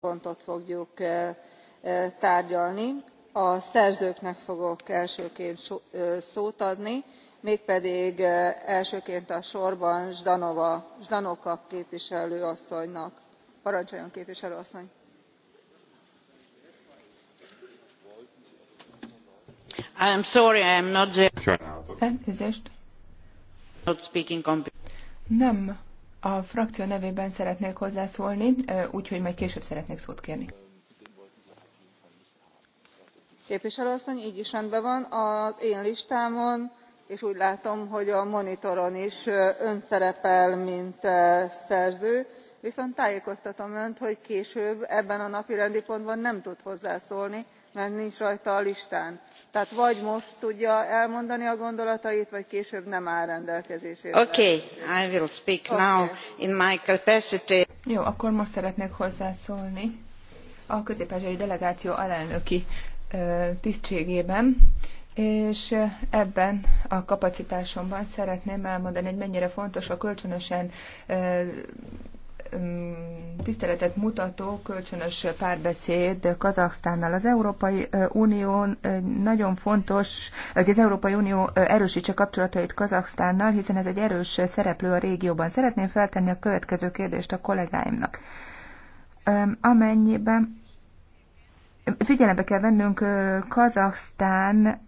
pontot fogjuk tárgyalni. a szerzőknek fogok elsőként szót adni mégpedig elsőként a sorban ždanoka képviselő asszonynak. parancsoljon képviselő asszony! nem a frakció nevében szeretnék hozzászólni, úgyhogy majd később szeretnék szót kérni. Képviselőasszony, így is rendben van. Az én listámon, és úgy látom, hogy a monitoron is ön szerepel, mint szerző, viszont tájékoztatom önt, hogy később ebben a napirendi pontban nem tud hozzászólni, mert nincs rajta a listán tehát vagy most tudja elmondani a gondolatait vagy később nem áll rendelkezésére. Okay, I will speak now in my capacity. Jó, akkor most szeretnék hozzászólni a közép delegáció alelnöki tisztségében, és ebben a kapacitásomban szeretném elmondani, hogy mennyire fontos a kölcsönösen tiszteletet mutató kölcsönös párbeszéd Kazaksztánnal. Az Európai Unió nagyon fontos, hogy az Európai Unió erősítse kapcsolatait Kazaksztánnal, hiszen ez egy erős szereplő a régióban. Szeretném feltenni a következő kérdést a kollégáimnak. Amennyiben figyelembe kell vennünk Kazaksztán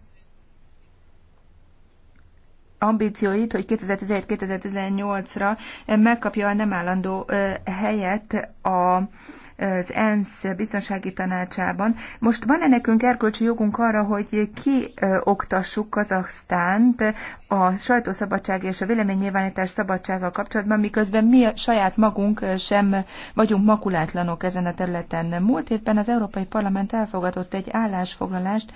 ambícióit, hogy 2017-2018-ra eh, megkapja a nem állandó eh, helyet a az ENSZ biztonsági tanácsában. Most van-e nekünk erkölcsi jogunk arra, hogy kioktassuk Kazaksztánt a sajtószabadság és a véleménynyilvánítás szabadsága kapcsolatban, miközben mi saját magunk eh, sem vagyunk makulátlanok ezen a területen. Múlt évben az Európai Parlament elfogadott egy állásfoglalást,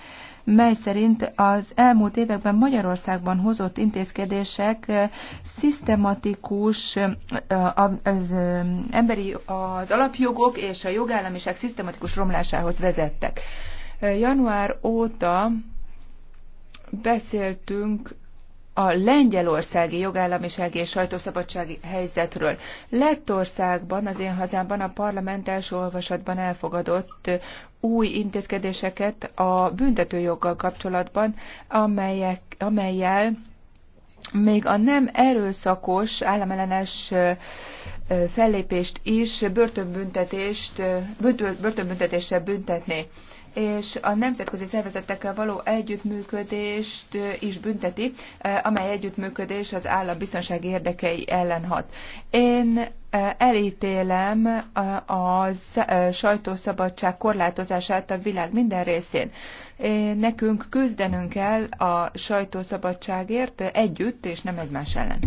mely szerint az elmúlt években Magyarországban hozott intézkedések szisztematikus az emberi az alapjogok és a jogállamiság szisztematikus romlásához vezettek. Január óta beszéltünk a lengyelországi jogállamisági és sajtószabadsági helyzetről. Lettországban, az én hazámban a parlament első olvasatban elfogadott új intézkedéseket a büntetőjoggal kapcsolatban, amelyek, amelyel még a nem erőszakos államellenes fellépést is börtönbüntetést, börtönbüntetéssel büntetné és a nemzetközi szervezetekkel való együttműködést is bünteti, amely együttműködés az állam biztonsági érdekei ellen hat. Én elítélem a sajtószabadság korlátozását a világ minden részén. Nekünk küzdenünk kell a sajtószabadságért együtt, és nem egymás ellen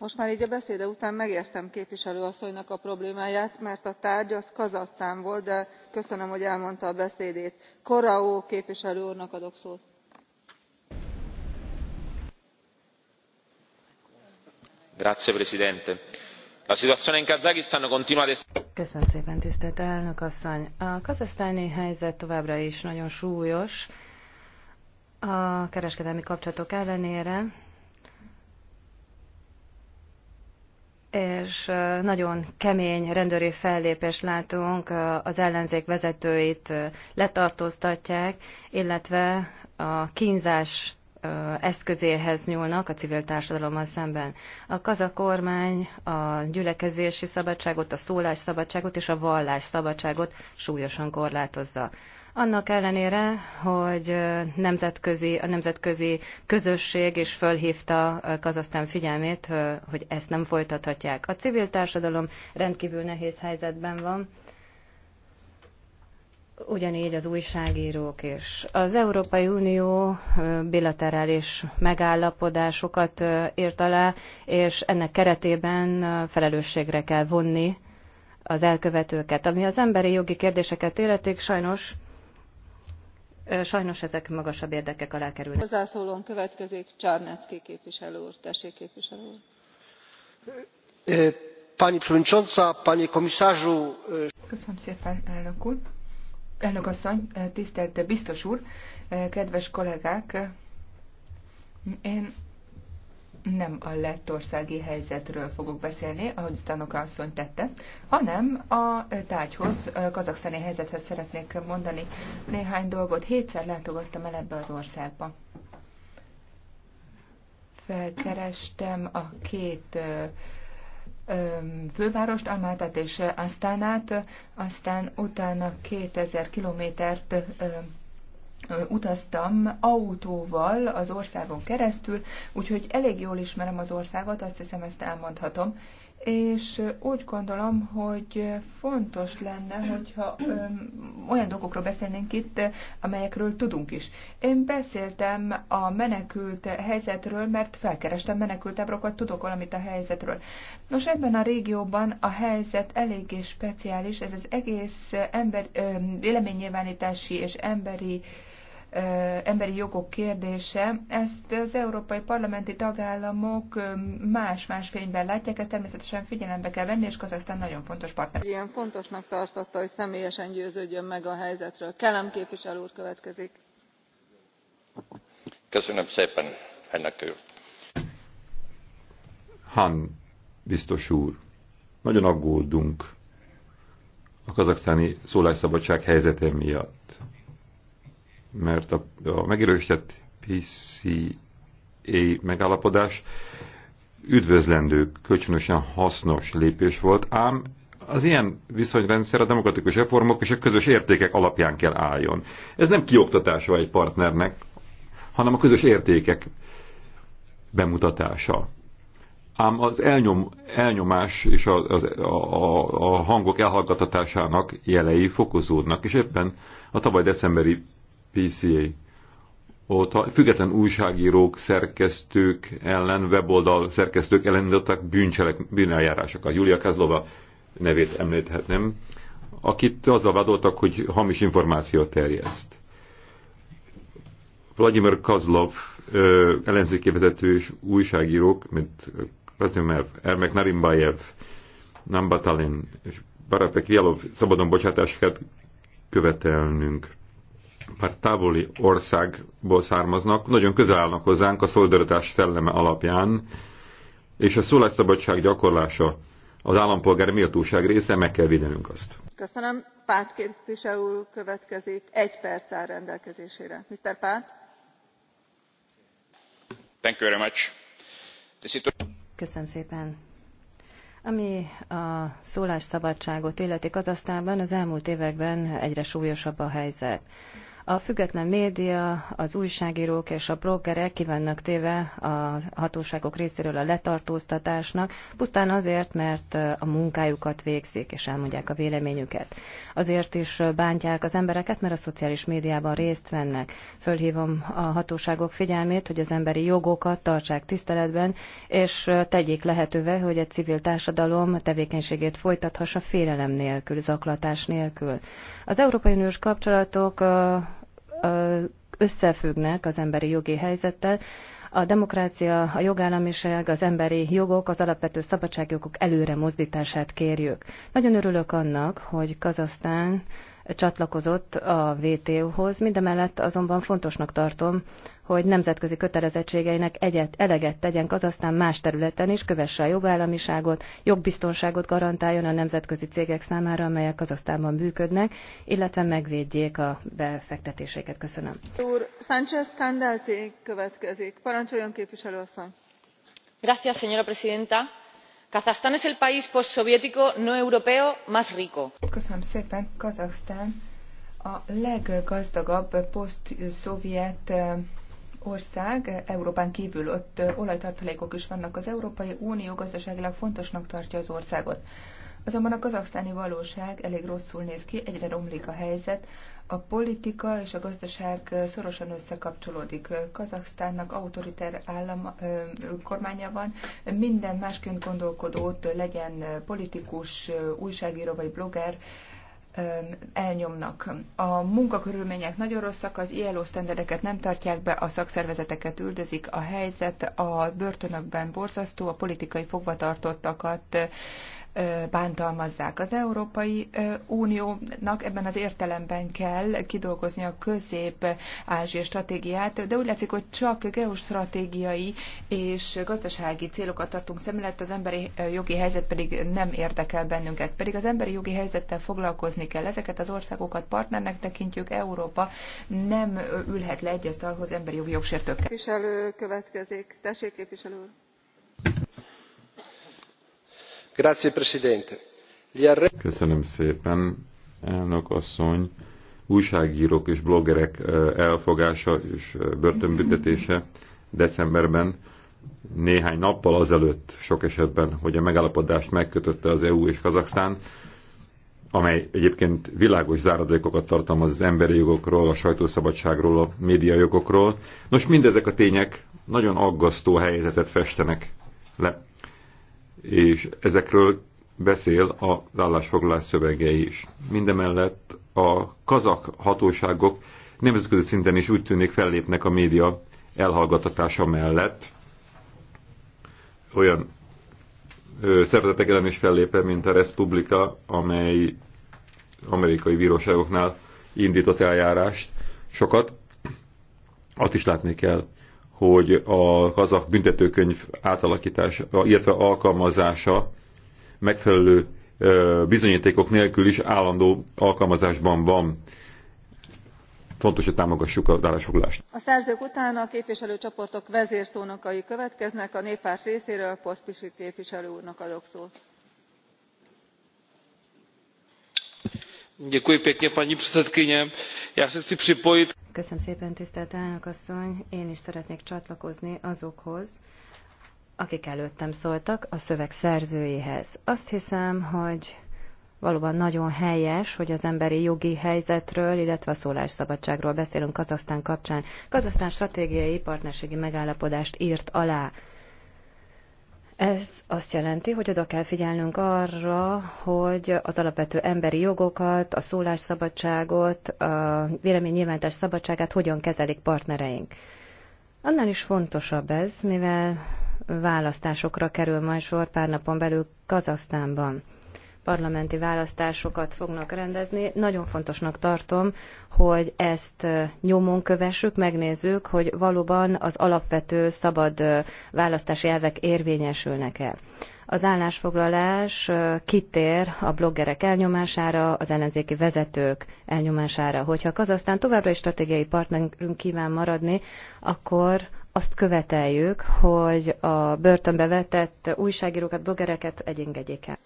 most már gy a beszéde után megértem képviselő asszonynak a problémáját mert a tárgy az kazahsztán volt de köszönöm hogy elmondta a beszédét. corrao képviselő úrnak adok szót. presidente köszönöm szépen tisztelt elnök asszony! a kazahsztáni helyzet továbbra is nagyon súlyos a kereskedelmi kapcsolatok ellenére és nagyon kemény rendőri fellépést látunk, az ellenzék vezetőit letartóztatják, illetve a kínzás eszközéhez nyúlnak a civil társadalommal szemben. A kazak kormány a gyülekezési szabadságot, a szólás szabadságot és a szabadságot súlyosan korlátozza annak ellenére, hogy nemzetközi, a nemzetközi közösség is fölhívta Kazasztán figyelmét, hogy ezt nem folytathatják. A civil társadalom rendkívül nehéz helyzetben van, ugyanígy az újságírók is. Az Európai Unió bilaterális megállapodásokat írt alá, és ennek keretében felelősségre kell vonni az elkövetőket. Ami az emberi jogi kérdéseket életik, sajnos sajnos ezek magasabb érdekek alá kerülnek. Hozzászólón következik Csarnecki képviselő úr. Tessék képviselő Köszönöm szépen, úr. Elnök asszony, tisztelt biztos úr, kedves kollégák, én nem a lettországi helyzetről fogok beszélni, ahogy Tanoka asszony tette, hanem a tárgyhoz, a kazaksztáni helyzethez szeretnék mondani néhány dolgot. Hétszer látogattam el ebbe az országba. Felkerestem a két fővárost, Almátát és Asztánát, aztán utána 2000 kilométert utaztam autóval az országon keresztül, úgyhogy elég jól ismerem az országot, azt hiszem ezt elmondhatom, és úgy gondolom, hogy fontos lenne, hogyha olyan dolgokról beszélnénk itt, amelyekről tudunk is. Én beszéltem a menekült helyzetről, mert felkerestem menekültábrokat, tudok valamit a helyzetről. Nos, ebben a régióban a helyzet eléggé speciális, ez az egész ember, véleménynyilvánítási és emberi emberi jogok kérdése, ezt az európai parlamenti tagállamok más-más fényben látják, ezt természetesen figyelembe kell venni, és Kazasztán nagyon fontos partner. Ilyen fontosnak tartotta, hogy személyesen győződjön meg a helyzetről. Kelem képviselő úr következik. Köszönöm szépen, ennek ő. Han, biztos úr, nagyon aggódunk a kazaksztáni szólásszabadság helyzete miatt mert a, a megerősített PCA megállapodás üdvözlendő, kölcsönösen hasznos lépés volt, ám az ilyen viszonyrendszer a demokratikus reformok és a közös értékek alapján kell álljon. Ez nem kioktatása egy partnernek, hanem a közös értékek bemutatása. Ám az elnyom, elnyomás és a, a, a, a hangok elhallgatatásának jelei fokozódnak, és éppen a tavaly decemberi PCA a független újságírók, szerkesztők ellen, weboldal szerkesztők ellen indítottak bűncselek, bűneljárásokat. Julia Kazlova nevét említhetném, akit azzal vádoltak, hogy hamis információt terjeszt. Vladimir Kazlov ellenzéki vezető és újságírók, mint Kazimiev, Ermek Narimbayev, Nambatalin és Barapek Vialov szabadon bocsátását követelnünk már távoli országból származnak, nagyon közel állnak hozzánk a szolidaritás szelleme alapján, és a szólásszabadság gyakorlása az állampolgári méltóság része, meg kell védenünk azt. Köszönöm. Pát képviselő következik. Egy perc áll rendelkezésére. Mr. Pát. Thank you very much. Köszönöm szépen. Ami a szólásszabadságot illeti Kazasztánban, az elmúlt években egyre súlyosabb a helyzet. A független média, az újságírók és a brokerek kivannak téve a hatóságok részéről a letartóztatásnak, pusztán azért, mert a munkájukat végzik és elmondják a véleményüket. Azért is bántják az embereket, mert a szociális médiában részt vennek. Fölhívom a hatóságok figyelmét, hogy az emberi jogokat tartsák tiszteletben, és tegyék lehetővé, hogy egy civil társadalom tevékenységét folytathassa félelem nélkül, zaklatás nélkül. Az Európai Uniós kapcsolatok összefüggnek az emberi jogi helyzettel. A demokrácia, a jogállamiság, az emberi jogok, az alapvető szabadságjogok előre mozdítását kérjük. Nagyon örülök annak, hogy Kazasztán csatlakozott a WTO-hoz, mindemellett azonban fontosnak tartom, hogy nemzetközi kötelezettségeinek egyet, eleget tegyen Kazasztán más területen is, kövesse a jogállamiságot, jogbiztonságot garantáljon a nemzetközi cégek számára, amelyek Kazasztánban működnek, illetve megvédjék a befektetéseket. Köszönöm. Úr Sánchez Candelti következik. Parancsoljon képviselő asszony. Gracias, señora presidenta kazajstán es el país postsoviético no europeo más rico. Köszönöm szépen, Kazaksztán a leggazdagabb posztszovjet eh, ország, Európán kívül ott eh, olajtartalékok is vannak. Az Európai Unió gazdaságilag fontosnak tartja az országot. Azonban a kazahsztáni valóság elég rosszul néz ki, egyre romlik a helyzet. A politika és a gazdaság szorosan összekapcsolódik. Kazaksztánnak autoriter állam, kormánya van. Minden másként gondolkodót, legyen politikus, újságíró vagy blogger, elnyomnak. A munkakörülmények nagyon rosszak, az ILO sztendereket nem tartják be, a szakszervezeteket üldözik, a helyzet a börtönökben borzasztó, a politikai fogvatartottakat bántalmazzák. Az Európai Uniónak ebben az értelemben kell kidolgozni a közép-ázsia stratégiát, de úgy látszik, hogy csak geostratégiai és gazdasági célokat tartunk előtt, az emberi jogi helyzet pedig nem érdekel bennünket. Pedig az emberi jogi helyzettel foglalkozni kell. Ezeket az országokat partnernek tekintjük, Európa nem ülhet le egy emberi jogi jogsértőkkel. Képviselő következik. Tessék, képviselő úr. Köszönöm szépen, elnök asszony. Újságírók és bloggerek elfogása és börtönbüntetése decemberben néhány nappal azelőtt sok esetben, hogy a megállapodást megkötötte az EU és Kazaksztán, amely egyébként világos záradékokat tartalmaz az emberi jogokról, a sajtószabadságról, a médiajogokról. Nos, mindezek a tények nagyon aggasztó helyzetet festenek le és ezekről beszél az állásfoglalás szövege is. Mindemellett a kazak hatóságok nemzetközi szinten is úgy tűnik fellépnek a média elhallgatatása mellett, olyan ö, szervezetek ellen is fellépe, mint a Respublika, amely amerikai bíróságoknál indított eljárást sokat, azt is látni kell, hogy a kazak büntetőkönyv átalakítása, illetve alkalmazása megfelelő bizonyítékok nélkül is állandó alkalmazásban van. Fontos, hogy támogassuk a állásfoglalást. A szerzők után a képviselőcsoportok vezérszónokai következnek. A néppárt részéről a posztpisi képviselő úrnak adok szót. Děkuji pěkně, paní předsedkyně. Já se chci připojit Köszönöm szépen, tisztelt elnök asszony. Én is szeretnék csatlakozni azokhoz, akik előttem szóltak, a szöveg szerzőjéhez. Azt hiszem, hogy valóban nagyon helyes, hogy az emberi jogi helyzetről, illetve a szólásszabadságról beszélünk Kazasztán kapcsán. Kazasztán stratégiai partnerségi megállapodást írt alá ez azt jelenti, hogy oda kell figyelnünk arra, hogy az alapvető emberi jogokat, a szólásszabadságot, a véleménynyilvántás szabadságát hogyan kezelik partnereink. Annál is fontosabb ez, mivel választásokra kerül majd sor pár napon belül Kazasztánban parlamenti választásokat fognak rendezni. Nagyon fontosnak tartom, hogy ezt nyomon kövessük, megnézzük, hogy valóban az alapvető szabad választási elvek érvényesülnek-e. Az állásfoglalás kitér a bloggerek elnyomására, az ellenzéki vezetők elnyomására. Hogyha Kazasztán továbbra is stratégiai partnerünk kíván maradni, akkor azt követeljük, hogy a börtönbe vetett újságírókat, bloggereket egyengedjék el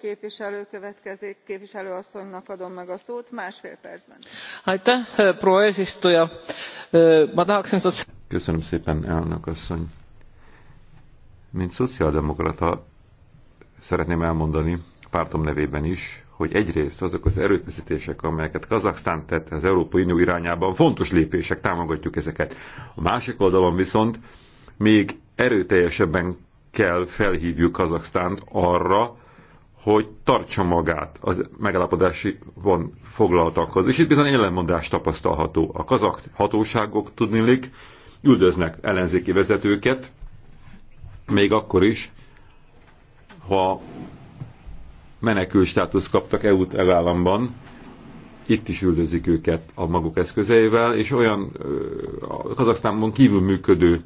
képviselő következik adom meg a szót äh, äh, köszönöm szépen mint szociáldemokrata szeretném elmondani pártom nevében is hogy egyrészt azok az erőfeszítések, amelyeket Kazaksztán tett az Európai Unió irányában, fontos lépések, támogatjuk ezeket. A másik oldalon viszont még erőteljesebben kell felhívjuk Kazaksztánt arra, hogy tartsa magát az megállapodási von foglaltakhoz. És itt bizony ellenmondás tapasztalható. A kazak hatóságok tudnélik, üldöznek ellenzéki vezetőket, még akkor is, ha menekül státusz kaptak EU e államban, itt is üldözik őket a maguk eszközeivel, és olyan a Kazaksztánban kívül működő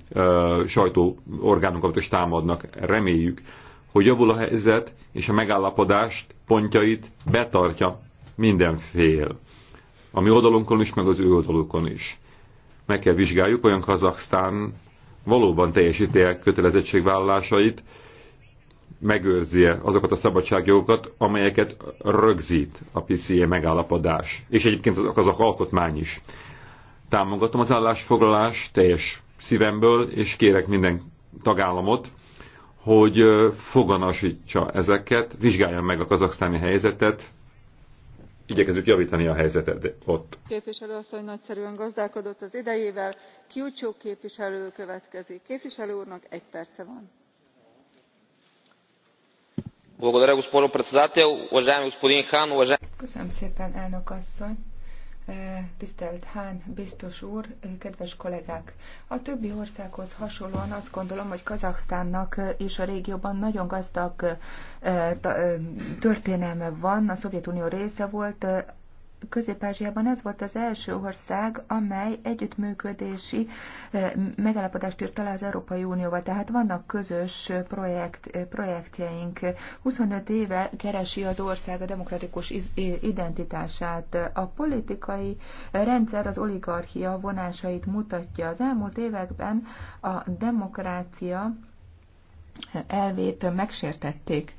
sajtóorgánokat is támadnak, reméljük, hogy javul a helyzet, és a megállapodást, pontjait betartja minden fél. A mi oldalunkon is, meg az ő oldalukon is. Meg kell vizsgáljuk, olyan Kazaksztán valóban teljesíti kötelezettségvállalásait, megőrzie azokat a szabadságjogokat, amelyeket rögzít a PCA megállapodás, és egyébként azok, azok alkotmány is. Támogatom az állásfoglalás teljes szívemből, és kérek minden tagállamot, hogy foganasítsa ezeket, vizsgálja meg a kazaksztáni helyzetet, igyekezzük javítani a helyzetet ott. Képviselő asszony nagyszerűen gazdálkodott az idejével. Kiúcsó képviselő következik. Képviselő úrnak egy perce van. Köszönöm szépen, elnök asszony. Tisztelt Hán, biztos úr, kedves kollégák! A többi országhoz hasonlóan azt gondolom, hogy Kazaksztánnak és a régióban nagyon gazdag e, történelme van, a Szovjetunió része volt, Közép-Ázsiában ez volt az első ország, amely együttműködési eh, megállapodást írt alá az Európai Unióval, tehát vannak közös projekt, eh, projektjeink. 25 éve keresi az ország a demokratikus identitását. A politikai rendszer az oligarchia vonásait mutatja. Az elmúlt években a demokrácia elvét megsértették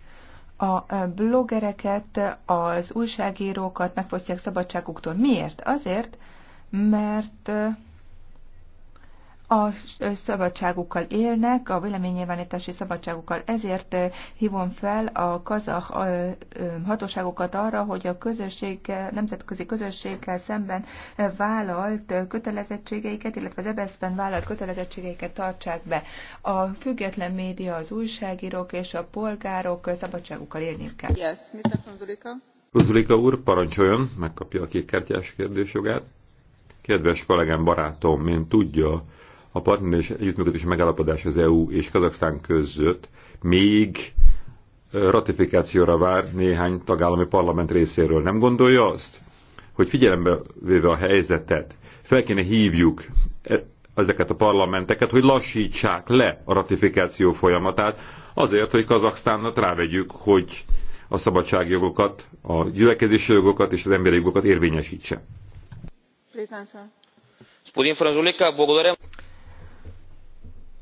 a bloggereket, az újságírókat megfosztják szabadságuktól. Miért? Azért, mert a szabadságukkal élnek, a véleménynyilvánítási szabadságukkal. Ezért eh, hívom fel a kazah eh, eh, hatóságokat arra, hogy a közösség, nemzetközi közösséggel szemben vállalt kötelezettségeiket, illetve az EBSZ-ben e vállalt kötelezettségeiket tartsák be. A független média, az újságírók és a polgárok szabadságukkal élni kell. Yes, Mr. Konzulika. Konzulika úr, parancsoljon, megkapja a kékkártyás kérdésjogát. Kedves kollégám, barátom, mint tudja, a partner és együttműködés megállapodás az EU és Kazaksztán között még ratifikációra vár néhány tagállami parlament részéről. Nem gondolja azt, hogy figyelembe véve a helyzetet, fel kéne hívjuk e, ezeket a parlamenteket, hogy lassítsák le a ratifikáció folyamatát, azért, hogy Kazaksztánnak rávegyük, hogy a szabadságjogokat, a gyülekezési jogokat és az emberi jogokat érvényesítse.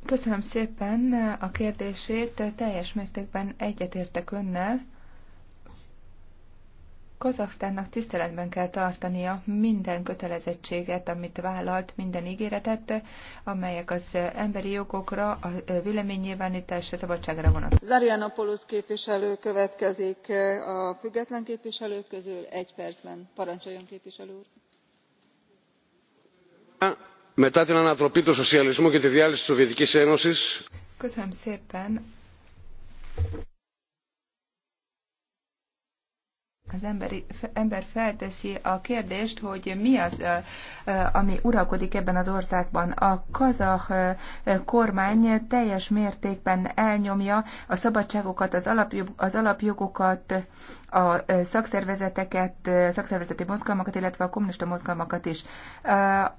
Köszönöm szépen a kérdését, teljes mértékben egyetértek önnel. Kazaksztánnak tiszteletben kell tartania minden kötelezettséget, amit vállalt, minden ígéretet, amelyek az emberi jogokra, a a szabadságra vonatkoznak. Zarianopoulos képviselő következik a független képviselők közül egy percben. Parancsoljon képviselő úr! Μετά την ανατροπή του σοσιαλισμού και τη διάλυση της Σοβιετικής Ένωσης... Az ember ember felteszi a kérdést, hogy mi az, ami uralkodik ebben az országban. A kazah kormány teljes mértékben elnyomja a szabadságokat, az, alapjog, az alapjogokat, a szakszervezeteket, szakszervezeti mozgalmakat, illetve a kommunista mozgalmakat is.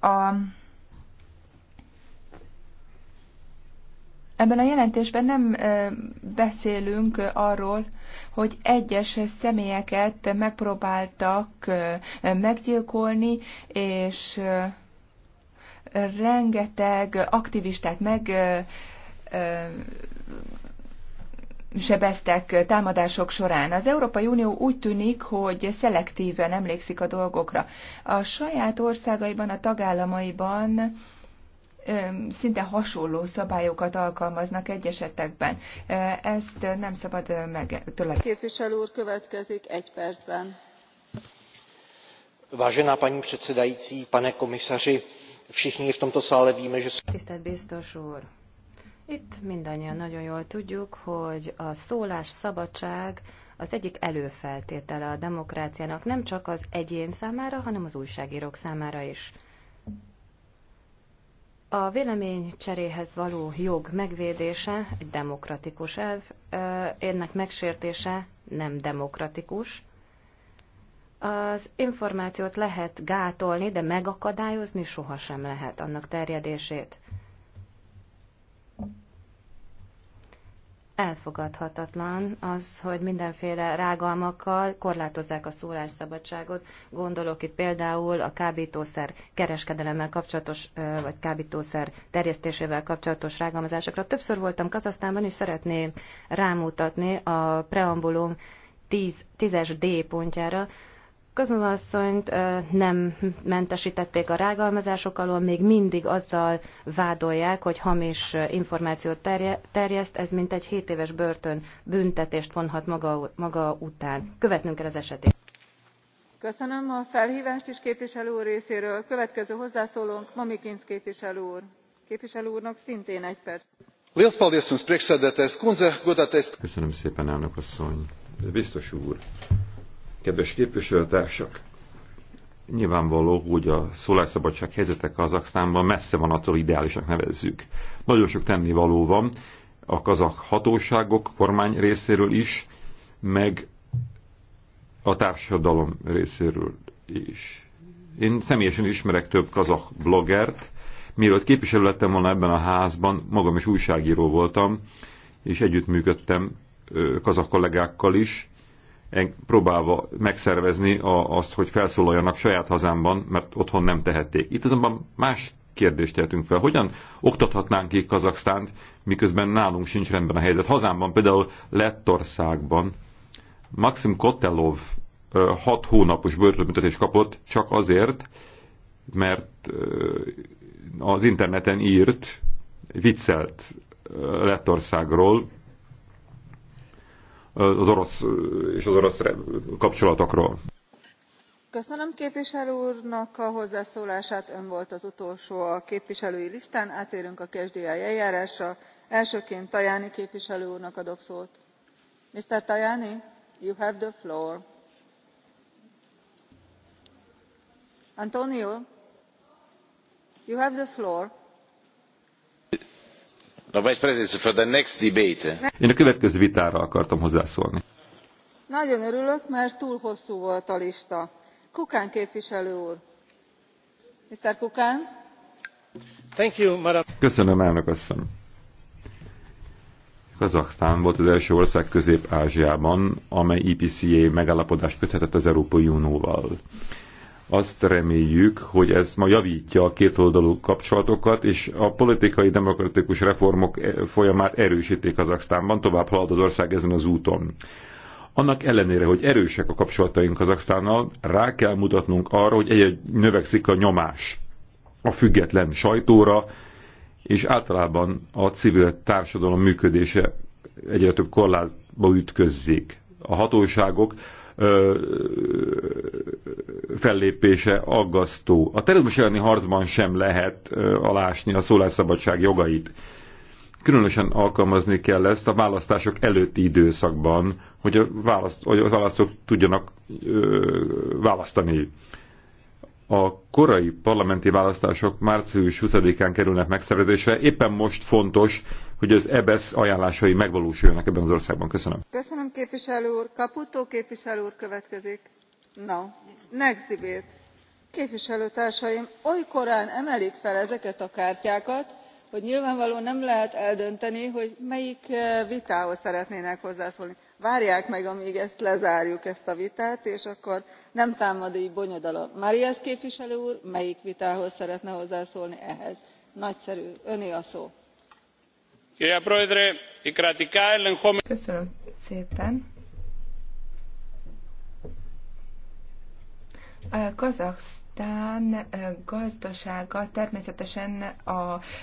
A Ebben a jelentésben nem beszélünk arról, hogy egyes személyeket megpróbáltak meggyilkolni, és rengeteg aktivistát meg sebeztek támadások során. Az Európai Unió úgy tűnik, hogy szelektíven emlékszik a dolgokra. A saját országaiban, a tagállamaiban szinte hasonló szabályokat alkalmaznak egy esetekben. Ezt nem szabad megtőle. Képviselő úr következik egy percben. Vážená paní předsedající, pane komisaři, všichni v tomto sále víme, že... Tisztelt biztos úr, itt mindannyian nagyon jól tudjuk, hogy a szólás szabadság az egyik előfeltétele a demokráciának nem csak az egyén számára, hanem az újságírók számára is. A véleménycseréhez való jog megvédése egy demokratikus elv, ennek megsértése nem demokratikus. Az információt lehet gátolni, de megakadályozni sohasem lehet annak terjedését. elfogadhatatlan az, hogy mindenféle rágalmakkal korlátozzák a szólásszabadságot. Gondolok itt például a kábítószer kereskedelemmel kapcsolatos, vagy kábítószer terjesztésével kapcsolatos rágalmazásokra. Többször voltam Kazasztánban, és szeretném rámutatni a preambulum 10, 10-es D pontjára, Közönasszonyt nem mentesítették a rágalmazások alól, még mindig azzal vádolják, hogy hamis információt terje, terjeszt, ez mint egy 7 éves börtön büntetést vonhat maga, maga után. Követnünk kell az esetét. Köszönöm a felhívást is képviselő úr részéről. Következő hozzászólónk Mamikinsz képviselő úr. Képviselő úrnak szintén egy perc. Köszönöm szépen, elnök asszony. Biztos úr Kedves képviselőtársak! Nyilvánvaló, hogy a szólásszabadság helyzete Kazaksztánban messze van attól ideálisnak nevezzük. Nagyon sok tennivaló van a kazak hatóságok, kormány részéről is, meg a társadalom részéről is. Én személyesen ismerek több kazak bloggert, mielőtt képviselő lettem volna ebben a házban, magam is újságíró voltam, és együttműködtem kazak kollégákkal is, próbálva megszervezni a, azt, hogy felszólaljanak saját hazámban, mert otthon nem tehették. Itt azonban más kérdést tehetünk fel. Hogyan oktathatnánk ki Kazaksztánt, miközben nálunk sincs rendben a helyzet? Hazámban, például Lettországban Maxim Kotelov hat hónapos börtönbüntetést kapott csak azért, mert az interneten írt, viccelt Lettországról, az orosz és az orosz kapcsolatokról. Köszönöm képviselő úrnak a hozzászólását. Ön volt az utolsó a képviselői listán. Átérünk a KSDI eljárásra. Elsőként Tajani képviselő úrnak adok szót. Mr. Tajani, you have the floor. Antonio, you have the floor. Én a következő vitára akartam hozzászólni. Nagyon örülök, mert túl hosszú volt a lista. Kukán képviselő úr. Mr. Kukán. Thank you, madam. Köszönöm, elnök asszony. Kazaksztán volt az első ország Közép-Ázsiában, amely IPCA e megállapodást köthetett az Európai Unióval. Azt reméljük, hogy ez ma javítja a kétoldalú kapcsolatokat, és a politikai demokratikus reformok eh, folyamát erősítik Kazaksztánban, tovább halad az ország ezen az úton. Annak ellenére, hogy erősek a kapcsolataink Kazaksztánnal, rá kell mutatnunk arra, hogy egyre növekszik a nyomás a független sajtóra, és általában a civil társadalom működése egyre több korlátba ütközzik. A hatóságok ö, fellépése aggasztó. A terrorizmus elleni harcban sem lehet ö, alásni a szólásszabadság jogait. Különösen alkalmazni kell ezt a választások előtti időszakban, hogy, a választ, hogy a választók tudjanak ö, választani. A korai parlamenti választások március 20-án kerülnek megszervezésre. Éppen most fontos hogy az EBSZ e ajánlásai megvalósuljanak ebben az országban. Köszönöm. Köszönöm képviselő úr. Kaputó képviselő úr következik. No. Next debate. Képviselőtársaim, oly korán emelik fel ezeket a kártyákat, hogy nyilvánvalóan nem lehet eldönteni hogy melyik eh, vitához szeretnének hozzászólni. várják meg amíg ezt lezárjuk ezt a vitát és akkor nem támad így bonyodalom. marias képviselő úr melyik vitához szeretne hozzászólni ehhez? nagyszerű öné a szó. Köszönöm szépen. Kazaksztán Pakisztán gazdasága természetesen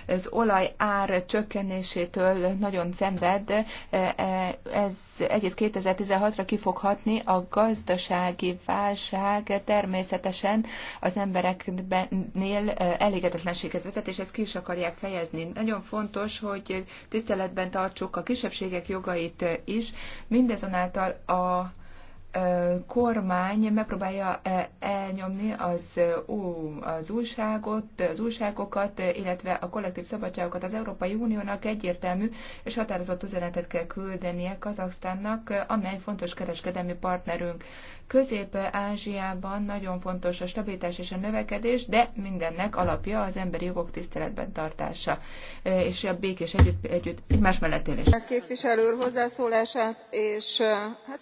az olaj ár csökkenésétől nagyon szenved. E, ez egész 2016-ra kifoghatni. A gazdasági válság természetesen az embereknél elégedetlenséghez vezet, és ezt ki is akarják fejezni. Nagyon fontos, hogy tiszteletben tartsuk a kisebbségek jogait is. Mindezonáltal a kormány megpróbálja elnyomni az, az újságot, az újságokat, illetve a kollektív szabadságokat. Az Európai Uniónak egyértelmű és határozott üzenetet kell küldenie Kazaksztánnak, amely fontos kereskedelmi partnerünk. Közép-Ázsiában nagyon fontos a stabilitás és a növekedés, de mindennek alapja az emberi jogok tiszteletben tartása és a békés együtt, együtt egymás mellett élés. A képviselő úr hozzászólását, és hát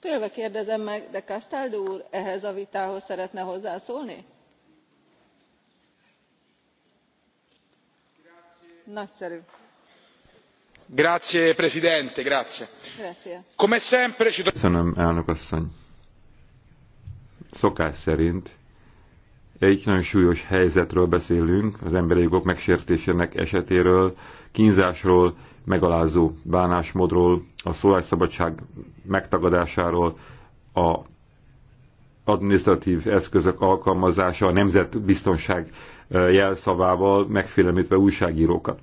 tőle kérdezem meg de castaldo úr ehhez a vitához szeretne hozzászólni? nagyszerű. Grazie, Presidente, grazie. Grazie. Come sempre... Köszönöm, elnök asszony. Szokás szerint egy nagyon súlyos helyzetről beszélünk, az emberi jogok megsértésének esetéről, kínzásról, megalázó bánásmódról, a szólásszabadság megtagadásáról, a administratív eszközök alkalmazása a nemzetbiztonság jelszavával megfélemlítve újságírókat.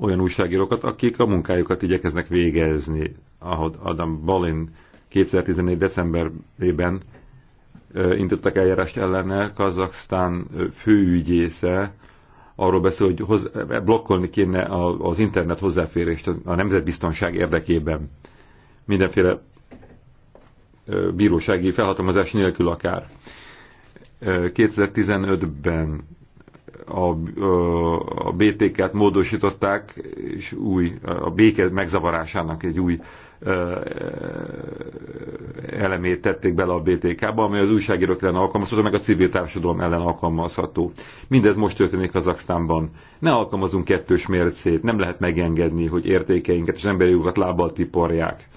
Olyan újságírókat, akik a munkájukat igyekeznek végezni, ahogy Adam Balin 2014. decemberében intottak eljárást ellene, Kazaksztán főügyésze arról beszél, hogy hoz, blokkolni kéne az internet hozzáférést a nemzetbiztonság érdekében. Mindenféle bírósági felhatalmazás nélkül akár. 2015-ben a, a BTK-t módosították, és új, a béke megzavarásának egy új elemét tették bele a BTK-ba, amely az újságírók ellen alkalmazható, meg a civil társadalom ellen alkalmazható. Mindez most történik Kazaksztánban. Ne alkalmazunk kettős mércét, nem lehet megengedni, hogy értékeinket és emberi jogokat lábbal tiporják.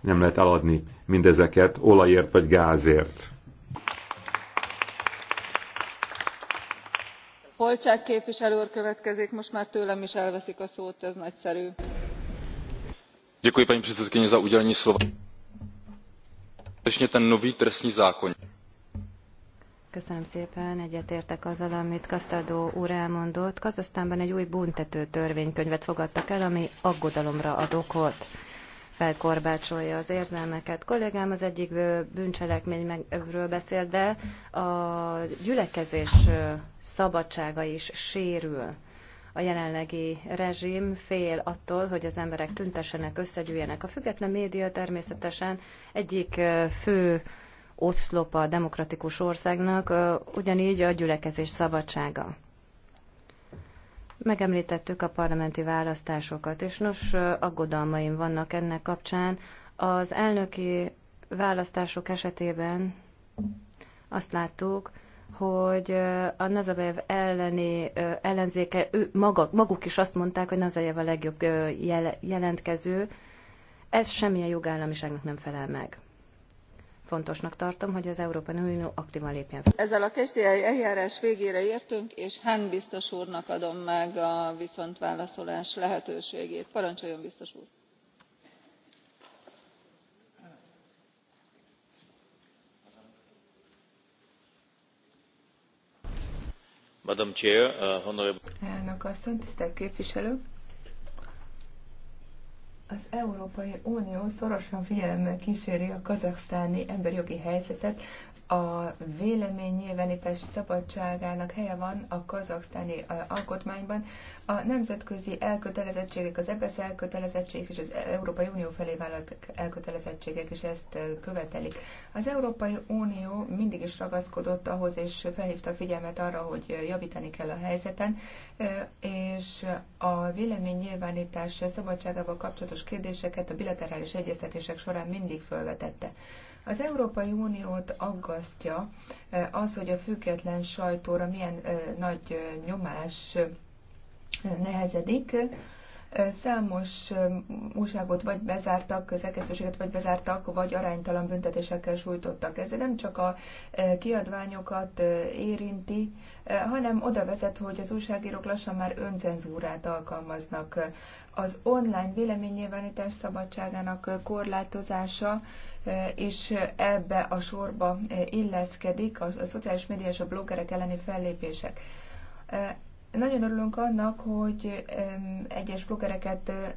Nem lehet eladni mindezeket olajért vagy gázért. Polcsák képviselő úr következik, most már tőlem is elveszik a szót, ez nagyszerű paní předsedající skutečně ten nový trestní zákoník. Köszönöm szépen, egyetértek azzal, amit Kasztádó úr elmondott. Kazasztánban egy új büntető törvénykönyvet fogadtak el, ami aggodalomra ad okot felkorbácsolja az érzelmeket. Kollégám az egyik bűncselekményről beszél, de a gyülekezés szabadsága is sérül a jelenlegi rezsim fél attól, hogy az emberek tüntessenek, összegyűjjenek. A független média természetesen egyik fő oszlop a demokratikus országnak, ugyanígy a gyülekezés szabadsága. Megemlítettük a parlamenti választásokat, és nos, aggodalmaim vannak ennek kapcsán. Az elnöki választások esetében azt láttuk, hogy a Nazarbayev elleni ellenzéke, ő, maga, maguk is azt mondták, hogy Nazarbayev a legjobb jelentkező. Ez semmilyen jogállamiságnak nem felel meg. Fontosnak tartom, hogy az Európai Unió aktívan lépjen fel. Ezzel a kestélyi eljárás végére értünk, és Hán biztos úrnak adom meg a viszontválaszolás lehetőségét. Parancsoljon biztos úr! Madam Chair, uh, Honorable... Elnök asszony, tisztelt képviselő! Az Európai Unió szorosan figyelemmel kíséri a kazaksztáni emberjogi helyzetet, a véleménynyilvánítás szabadságának helye van a kazaksztáni alkotmányban. A nemzetközi elkötelezettségek, az EBSZ e elkötelezettség és az Európai Unió felé vállalt elkötelezettségek is ezt követelik. Az Európai Unió mindig is ragaszkodott ahhoz, és felhívta a figyelmet arra, hogy javítani kell a helyzeten, és a véleménynyilvánítás szabadságával kapcsolatos kérdéseket a bilaterális egyeztetések során mindig felvetette. Az Európai Uniót aggasztja eh, az, hogy a független sajtóra milyen eh, nagy eh, nyomás nehezedik. Számos újságot vagy bezártak, szerkesztőséget vagy bezártak, vagy aránytalan büntetésekkel sújtottak. Ez nem csak a kiadványokat érinti, hanem oda vezet, hogy az újságírók lassan már öncenzúrát alkalmaznak. Az online véleménynyilvánítás szabadságának korlátozása és ebbe a sorba eh, illeszkedik a, szociális média és a bloggerek elleni fellépések. Eh, nagyon örülünk annak, hogy egyes bloggereket eh,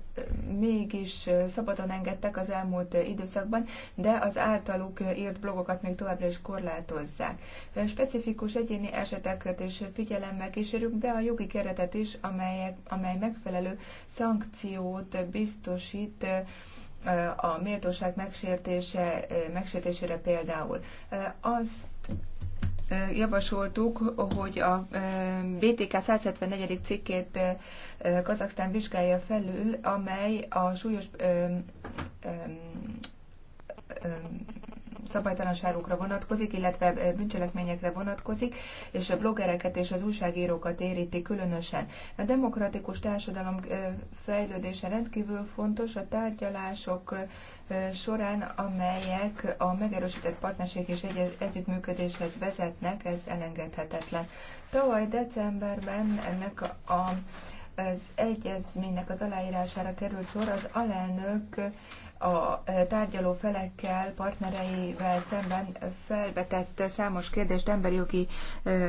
mégis szabadon engedtek az elmúlt időszakban, de az általuk írt blogokat még továbbra is korlátozzák. Specifikus egyéni eseteket és figyelemmel kísérünk, de a jogi keretet is, amelyek, amely megfelelő szankciót biztosít a méltóság megsértése, megsértésére például. Azt javasoltuk, hogy a BTK 174. cikkét Kazaksztán vizsgálja felül, amely a súlyos szabálytalanságokra vonatkozik, illetve bűncselekményekre vonatkozik, és a bloggereket és az újságírókat érinti különösen. A demokratikus társadalom fejlődése rendkívül fontos a tárgyalások során, amelyek a megerősített partnerség és egy- együttműködéshez vezetnek, ez elengedhetetlen. Tavaly decemberben ennek a az egyezménynek az aláírására került sor, az alelnök a tárgyaló felekkel, partnereivel szemben felvetett számos kérdést, emberi jogi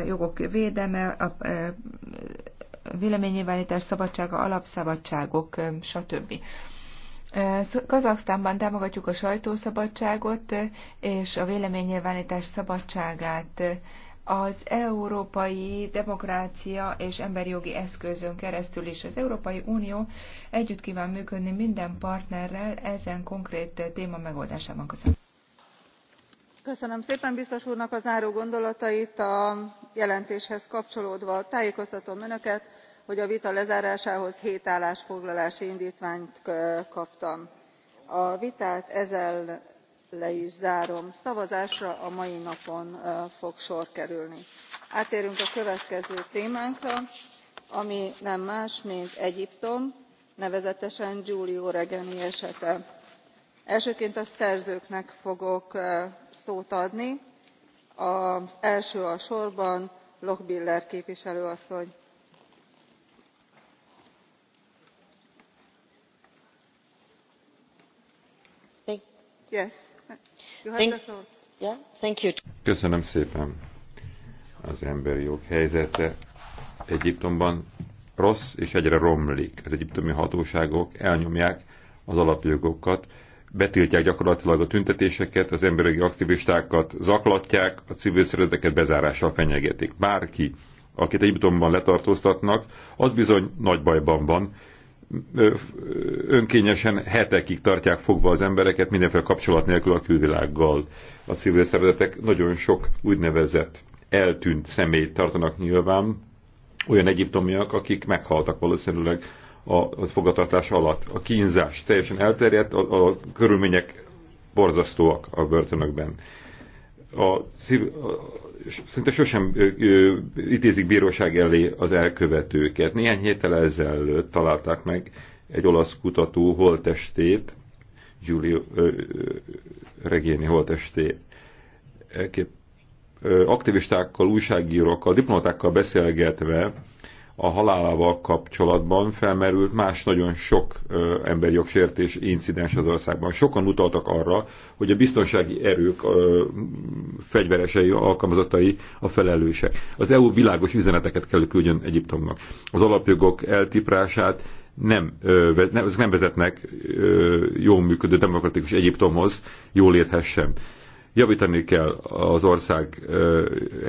jogok védelme, a véleménynyilvánítás szabadsága, alapszabadságok, stb. Kazaksztánban támogatjuk a sajtószabadságot és a véleménynyilvánítás szabadságát az európai demokrácia és emberi jogi eszközön keresztül is. Az Európai Unió együtt kíván működni minden partnerrel ezen konkrét téma megoldásában. Köszönöm. Köszönöm szépen biztos úrnak a záró gondolatait a jelentéshez kapcsolódva. Tájékoztatom önöket, hogy a vita lezárásához hét állásfoglalási indítványt kaptam. A vitát ezzel le is zárom. szavazásra a mai napon fog sor kerülni. áttérünk a következő témánkra ami nem más mint egyiptom nevezetesen giulio regeni esete. elsőként a szerzőknek fogok szót adni az első a sorban lochbihler képviselő asszony. Köszönöm szépen. Az emberi jog helyzete Egyiptomban rossz és egyre romlik. Az egyiptomi hatóságok elnyomják az alapjogokat, betiltják gyakorlatilag a tüntetéseket, az emberi jogi aktivistákat zaklatják, a civil szervezeteket bezárással fenyegetik. Bárki, akit Egyiptomban letartóztatnak, az bizony nagy bajban van, önkényesen hetekig tartják fogva az embereket, mindenféle kapcsolat nélkül a külvilággal. A civil szervezetek nagyon sok úgynevezett eltűnt személyt tartanak nyilván, olyan egyiptomiak, akik meghaltak valószínűleg a, a fogatartás alatt. A kínzás teljesen elterjedt, a, a körülmények borzasztóak a börtönökben a, szinte sosem ítézik bíróság elé az elkövetőket. Néhány héttel ezelőtt találták meg egy olasz kutató holtestét, Giulio ö, Regéni holtestét. Elkép, ö, aktivistákkal, újságírókkal, diplomatákkal beszélgetve a halálával kapcsolatban felmerült más nagyon sok emberi jogsértés incidens az országban. Sokan utaltak arra, hogy a biztonsági erők ö, fegyveresei, alkalmazatai a felelősek. Az EU világos üzeneteket kell küldjön Egyiptomnak. Az alapjogok eltiprását nem, ö, nem, nem vezetnek ö, jól működő demokratikus Egyiptomhoz, jól érthessen. Javítani kell az ország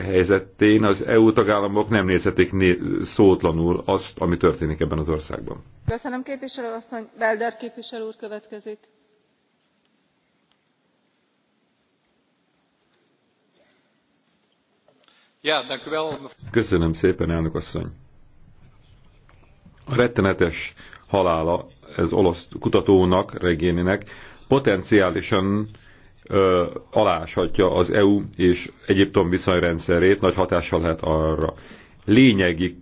helyzetén, az EU tagállamok nem nézhetik né szótlanul azt, ami történik ebben az országban. Köszönöm képviselő asszony, Belder képviselő úr következik. Köszönöm szépen, elnök asszony. A rettenetes halála ez olasz kutatónak, regéninek potenciálisan aláshatja az EU és Egyiptom viszonyrendszerét, nagy hatással lehet arra. Lényegi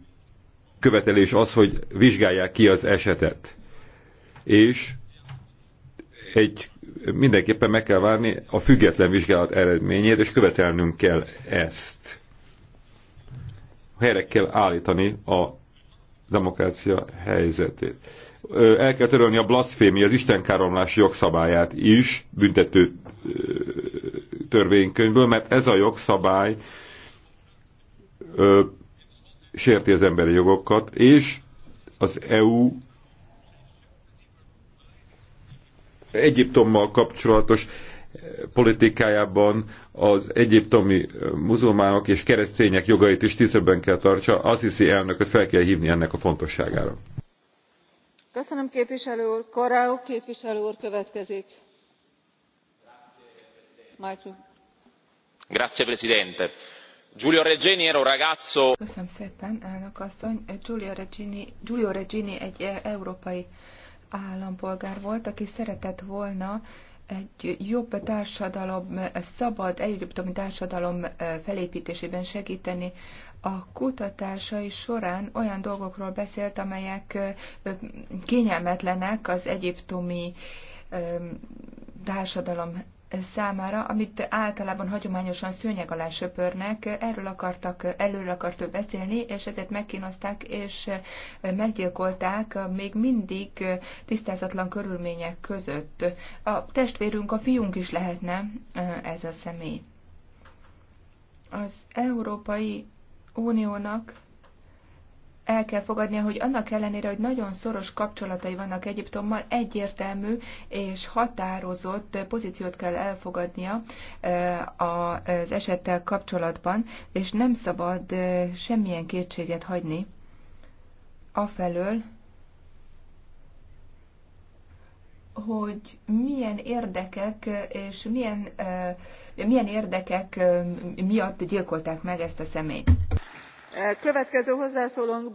követelés az, hogy vizsgálják ki az esetet. És egy, mindenképpen meg kell várni a független vizsgálat eredményét, és követelnünk kell ezt. Helyre kell állítani a demokrácia helyzetét el kell törölni a blaszfémia, az istenkáromlás jogszabályát is büntető törvénykönyvből, mert ez a jogszabály ö, sérti az emberi jogokat, és az EU Egyiptommal kapcsolatos politikájában az egyiptomi muzulmánok és keresztények jogait is tisztelben kell tartsa, az hiszi elnököt fel kell hívni ennek a fontosságára köszönöm képviselő úr! corrao képviselő úr következik. Grazie presidente giulio regeni era un ragazzo. köszönöm szépen elnök asszony giulio regeni, giulio regeni egy európai állampolgár volt aki szeretett volna egy jobb társadalom, szabad, egyre jobb társadalom felépítésében segíteni a kutatásai során olyan dolgokról beszélt, amelyek kényelmetlenek az egyiptomi társadalom számára, amit általában hagyományosan szőnyeg alá söpörnek, erről akartak, elől akart ő beszélni, és ezért megkínozták és meggyilkolták még mindig tisztázatlan körülmények között. A testvérünk, a fiunk is lehetne ez a személy. Az Európai Uniónak el kell fogadnia, hogy annak ellenére, hogy nagyon szoros kapcsolatai vannak Egyiptommal, egyértelmű és határozott pozíciót kell elfogadnia eh, az esettel kapcsolatban, és nem szabad eh, semmilyen kétséget hagyni afelől, hogy milyen érdekek eh, és milyen, milyen érdekek miatt gyilkolták meg ezt a személyt. Eh, signora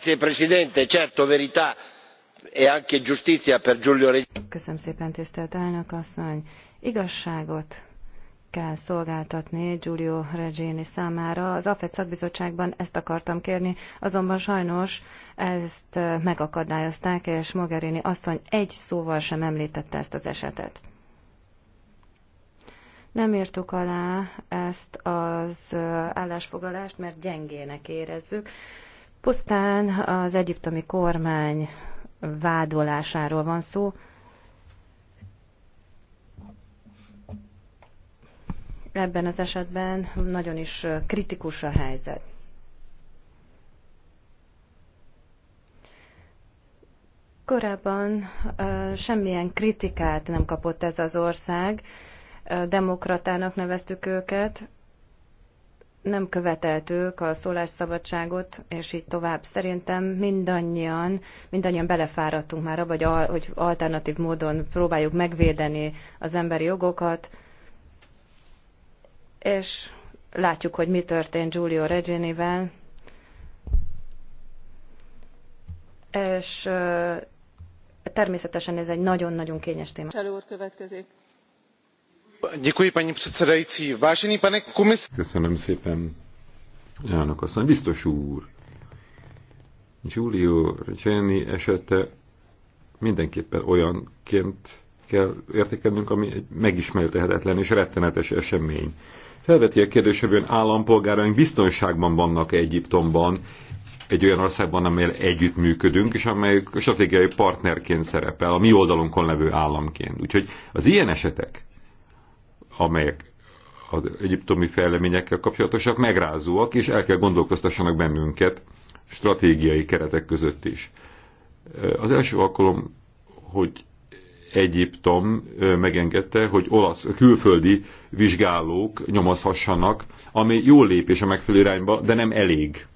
képviselő presidente certo verità e anche giustizia per giulio regeni. köszönöm szépen tisztelt elnök asszony igazságot kell szolgáltatni Giulio Regini számára. Az afet szakbizottságban ezt akartam kérni, azonban sajnos ezt eh, megakadályozták, és Mogherini asszony egy szóval sem említette ezt az esetet. Nem írtuk alá ezt az állásfoglalást, mert gyengének érezzük. Pusztán az egyiptomi kormány vádolásáról van szó. Ebben az esetben nagyon is kritikus a helyzet. Korábban semmilyen kritikát nem kapott ez az ország, demokratának neveztük őket, nem követelt ők a szólásszabadságot, és így tovább. Szerintem mindannyian, mindannyian belefáradtunk már abba, hogy, al, hogy alternatív módon próbáljuk megvédeni az emberi jogokat, és látjuk, hogy mi történt Giulio Reginivel, és természetesen ez egy nagyon-nagyon kényes téma. Cselő úr következik paní předsedající vážený pane komisaři szépen Giulio Regeni esete mindenképpen olyanként kell értékelnünk, ami egy megismerhetetlen és rettenetes esemény. Felveti a kérdés, hogy állampolgáraink biztonságban vannak -e Egyiptomban, egy olyan országban, amelyel együttműködünk, és amely stratégiai partnerként szerepel, a mi oldalunkon levő államként. Úgyhogy az ilyen esetek amelyek az egyiptomi fejleményekkel kapcsolatosak, megrázóak, és el kell gondolkoztassanak bennünket stratégiai keretek között is. Az első alkalom, hogy Egyiptom megengedte, hogy olasz külföldi vizsgálók nyomozhassanak, ami jó lépés a megfelelő irányba, de nem elég.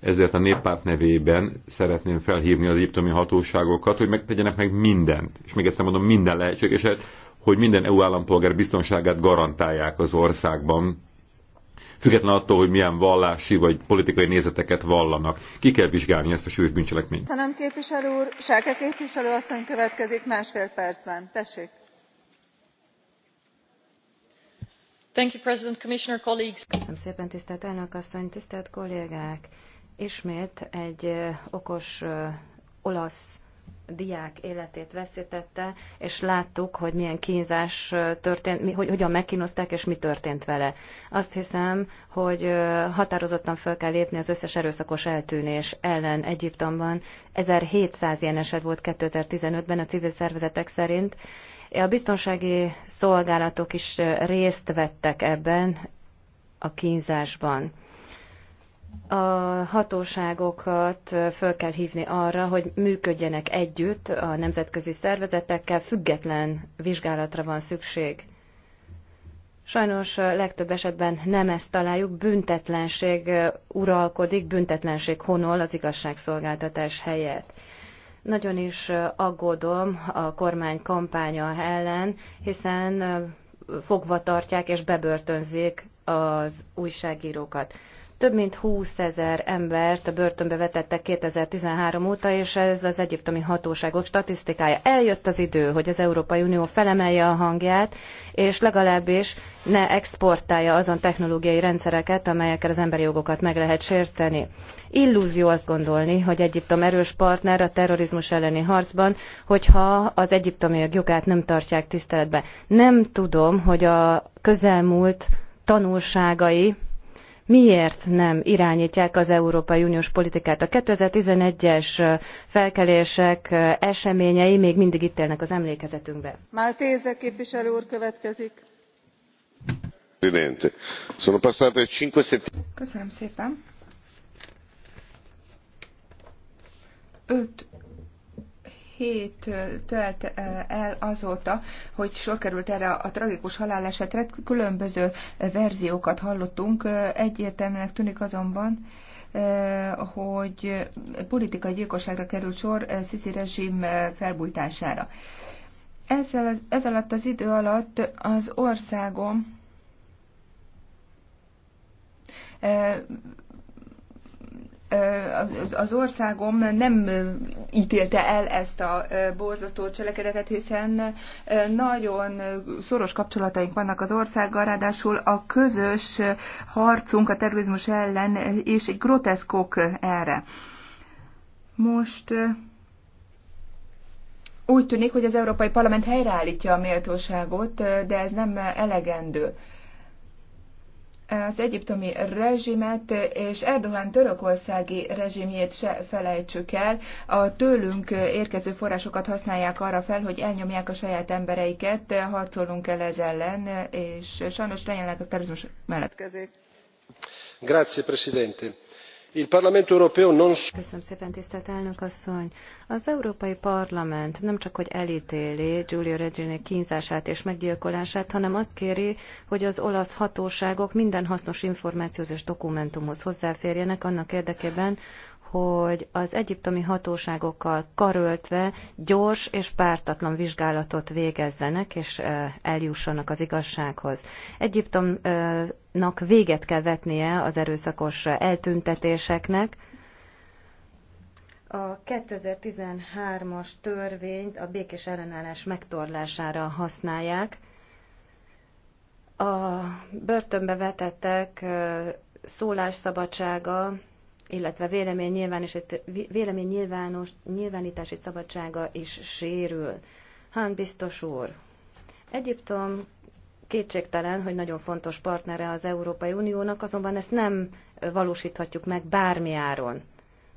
Ezért a néppárt nevében szeretném felhívni az egyiptomi hatóságokat, hogy megtegyenek meg mindent, és még egyszer mondom, minden lehetségeset, hogy minden EU állampolgár biztonságát garantálják az országban, független attól, hogy milyen vallási vagy politikai nézeteket vallanak. Ki kell vizsgálni ezt a súlyos bűncselekményt. Köszönöm képviselő úr. Sáke képviselő asszony következik másfél percben. Tessék. Thank you, President, Commissioner, colleagues. Köszönöm szépen, tisztelt elnök asszony, tisztelt kollégák! Ismét egy okos olasz diák életét veszítette, és láttuk, hogy milyen kínzás történt, hogy hogyan megkínozták, és mi történt vele. Azt hiszem, hogy határozottan fel kell lépni az összes erőszakos eltűnés ellen Egyiptomban. 1700 ilyen eset volt 2015-ben a civil szervezetek szerint. A biztonsági szolgálatok is részt vettek ebben a kínzásban a hatóságokat föl kell hívni arra, hogy működjenek együtt a nemzetközi szervezetekkel, független vizsgálatra van szükség. Sajnos legtöbb esetben nem ezt találjuk, büntetlenség uralkodik, büntetlenség honol az igazságszolgáltatás helyett. Nagyon is aggódom a kormány kampánya ellen, hiszen fogva tartják és bebörtönzik az újságírókat. Több mint 20 ezer embert a börtönbe vetettek 2013 óta, és ez az egyiptomi hatóságok statisztikája. Eljött az idő, hogy az Európai Unió felemelje a hangját, és legalábbis ne exportálja azon technológiai rendszereket, amelyekkel az emberi jogokat meg lehet sérteni. Illúzió azt gondolni, hogy Egyiptom erős partner a terrorizmus elleni harcban, hogyha az Egyiptomi jogát nem tartják tiszteletben. Nem tudom, hogy a közelmúlt tanulságai miért nem irányítják az Európai Uniós politikát. A 2011-es felkelések eseményei még mindig itt élnek az emlékezetünkben. Máltéze képviselő úr következik. Köszönöm szépen. Öt hét tölt el azóta, hogy sor került erre a tragikus halálesetre, különböző verziókat hallottunk, egyértelműnek tűnik azonban, hogy politikai gyilkosságra került sor Szizi rezsim felbújtására. Ezzel az, ez alatt az idő alatt az országom az országom nem ítélte el ezt a borzasztó cselekedetet, hiszen nagyon szoros kapcsolataink vannak az országgal, ráadásul a közös harcunk a terrorizmus ellen és egy groteszkok erre. Most úgy tűnik, hogy az Európai Parlament helyreállítja a méltóságot, de ez nem elegendő az egyiptomi rezsimet és Erdogan törökországi rezsimjét se felejtsük el. A tőlünk érkező forrásokat használják arra fel, hogy elnyomják a saját embereiket, harcolunk el ez ellen, és sajnos rejelnek a terrorizmus mellett. Grazie, Presidente köszönöm szépen az európai parlament nem csak hogy elítéli Giulio Regini kínzását és meggyilkolását hanem azt kéri hogy az olasz hatóságok minden hasznos információhoz és dokumentumhoz hozzáférjenek annak érdekében hogy az egyiptomi hatóságokkal karöltve gyors és pártatlan vizsgálatot végezzenek, és eljussanak az igazsághoz. Egyiptomnak véget kell vetnie az erőszakos eltüntetéseknek, a 2013-as törvényt a békés ellenállás megtorlására használják. A börtönbe vetettek szólásszabadsága illetve vélemény, nyilvános, vélemény nyilvános, nyilvánítási szabadsága is sérül. hán biztos úr, Egyiptom kétségtelen, hogy nagyon fontos partnere az Európai Uniónak, azonban ezt nem valósíthatjuk meg bármi áron.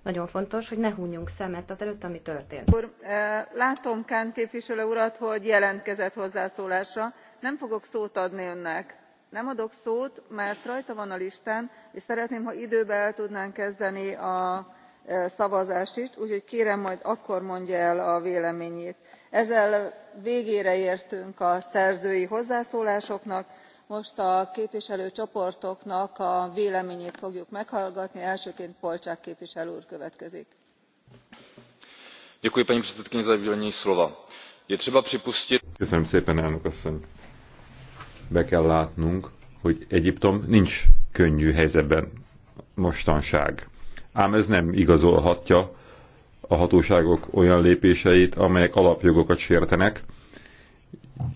Nagyon fontos, hogy ne hunjunk szemet az előtt, ami történt. Úr, eh, látom Kán képviselő urat, hogy jelentkezett hozzászólásra. Nem fogok szót adni önnek nem adok szót mert rajta van a listán és szeretném ha időben el tudnánk kezdeni a e, szavazást is úgyhogy kérem majd akkor mondja el a véleményét. ezzel végére értünk a szerzői hozzászólásoknak most a képviselőcsoportoknak a véleményét fogjuk meghallgatni elsőként polk képviselő úr következik. paní předsedající je třeba be kell látnunk, hogy Egyiptom nincs könnyű helyzetben mostanság. Ám ez nem igazolhatja a hatóságok olyan lépéseit, amelyek alapjogokat sértenek.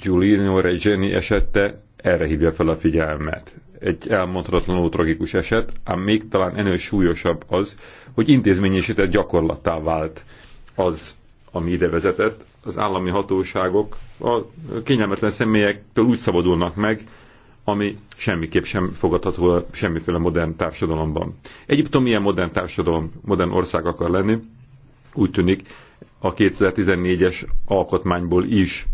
Giulino Regeni esette erre hívja fel a figyelmet. Egy elmondhatatlanul tragikus eset, ám még talán ennél súlyosabb az, hogy intézményesített gyakorlattá vált az, ami ide vezetett, az állami hatóságok a kényelmetlen személyektől úgy szabadulnak meg, ami semmiképp sem fogadható semmiféle modern társadalomban. Egyiptom ilyen modern társadalom, modern ország akar lenni, úgy tűnik a 2014-es alkotmányból is.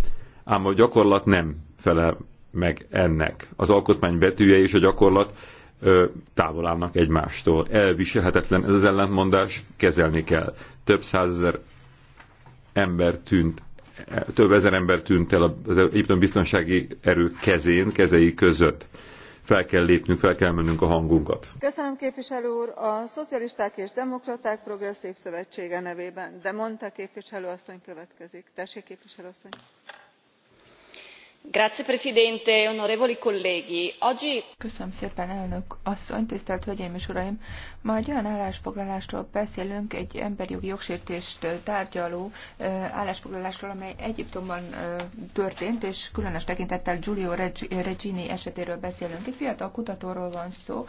Ám a gyakorlat nem felel meg ennek. Az alkotmány betűje és a gyakorlat ö, távol állnak egymástól. Elviselhetetlen ez az ellentmondás, kezelni kell. Több százezer ember tűnt, több ezer ember tűnt el az egyiptomi biztonsági erők kezén, kezei között. Fel kell lépnünk, fel kell mennünk a hangunkat. Köszönöm képviselő úr, a Szocialisták és Demokraták Progresszív Szövetsége nevében, de mondta képviselő asszony következik. Tessék képviselő asszony. Köszönöm szépen, elnök asszony, tisztelt Hölgyeim és Uraim! Ma egy olyan állásfoglalásról beszélünk, egy emberjogi jogsértést tárgyaló állásfoglalásról, amely Egyiptomban történt, és különös tekintettel Giulio Regini esetéről beszélünk. Egy fiatal kutatóról van szó,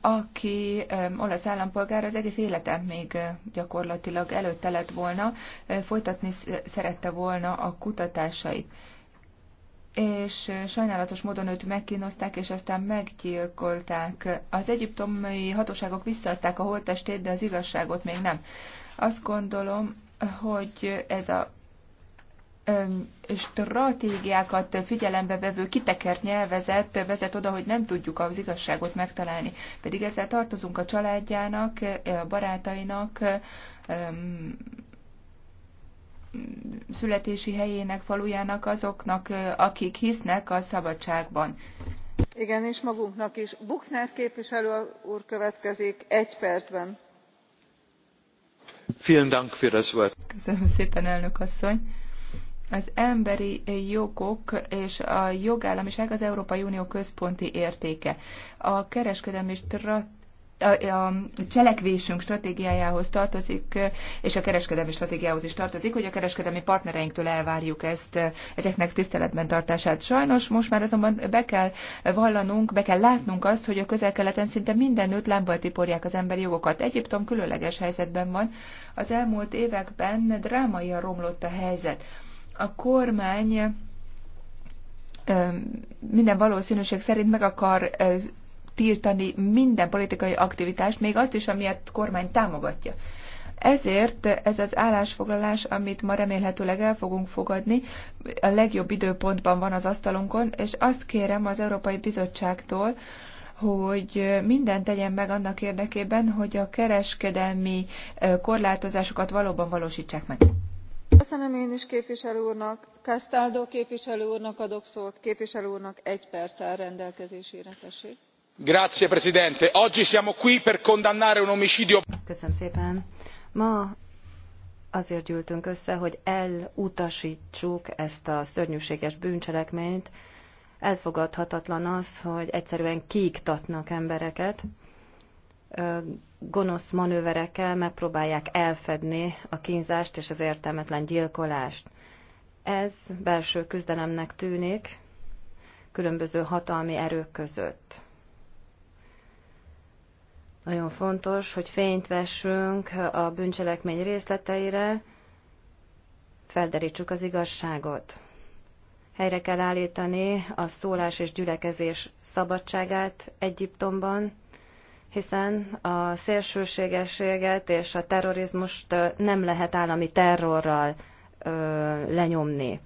aki olasz állampolgár az egész életem még gyakorlatilag előtte lett volna, folytatni szerette volna a kutatásait és sajnálatos módon őt megkínozták, és aztán meggyilkolták. Az egyiptomi hatóságok visszaadták a holttestét, de az igazságot még nem. Azt gondolom, hogy ez a stratégiákat figyelembe vevő kitekert nyelvezet vezet oda, hogy nem tudjuk az igazságot megtalálni. Pedig ezzel tartozunk a családjának, a barátainak, születési helyének, falujának azoknak, akik hisznek a szabadságban. Igen, és magunknak is. Buchner képviselő úr következik egy percben. Vielen Dank für das Wort. Köszönöm szépen, elnök asszony. Az emberi jogok és a jogállamiság az Európai Unió központi értéke. A kereskedelmi stratégia a cselekvésünk stratégiájához tartozik, és a kereskedelmi stratégiához is tartozik, hogy a kereskedelmi partnereinktől elvárjuk ezt, ezeknek tiszteletben tartását. Sajnos most már azonban be kell vallanunk, be kell látnunk azt, hogy a közel-keleten szinte mindenütt lámbal tiporják az emberi jogokat. Egyiptom különleges helyzetben van. Az elmúlt években drámaian romlott a helyzet. A kormány minden valószínűség szerint meg akar tiltani minden politikai aktivitást, még azt is, amilyet kormány támogatja. Ezért ez az állásfoglalás, amit ma remélhetőleg el fogunk fogadni, a legjobb időpontban van az asztalunkon, és azt kérem az Európai Bizottságtól, hogy mindent tegyen meg annak érdekében, hogy a kereskedelmi korlátozásokat valóban valósítsák meg. Köszönöm én is képviselő úrnak. Kastáldó képviselő úrnak adok szót. Képviselő úrnak egy perc áll rendelkezésére, tessék signor presidente oggi siamo qui per condannare un omicidio. ma azért gyűltünk össze hogy elutastsuk ezt a szörnyűséges bűncselekményt. elfogadhatatlan az hogy egyszerűen kiiktatnak embereket gonosz manőverekkel megpróbálják elfedni a kínzást és az értelmetlen gyilkolást. Ez belső küzdelemnek tűnik különböző hatalmi erők között nagyon fontos, hogy fényt vessünk a bűncselekmény részleteire, felderítsük az igazságot. Helyre kell állítani a szólás és gyülekezés szabadságát Egyiptomban, hiszen a szélsőségességet és a terrorizmust nem lehet állami terrorral ö, lenyomni.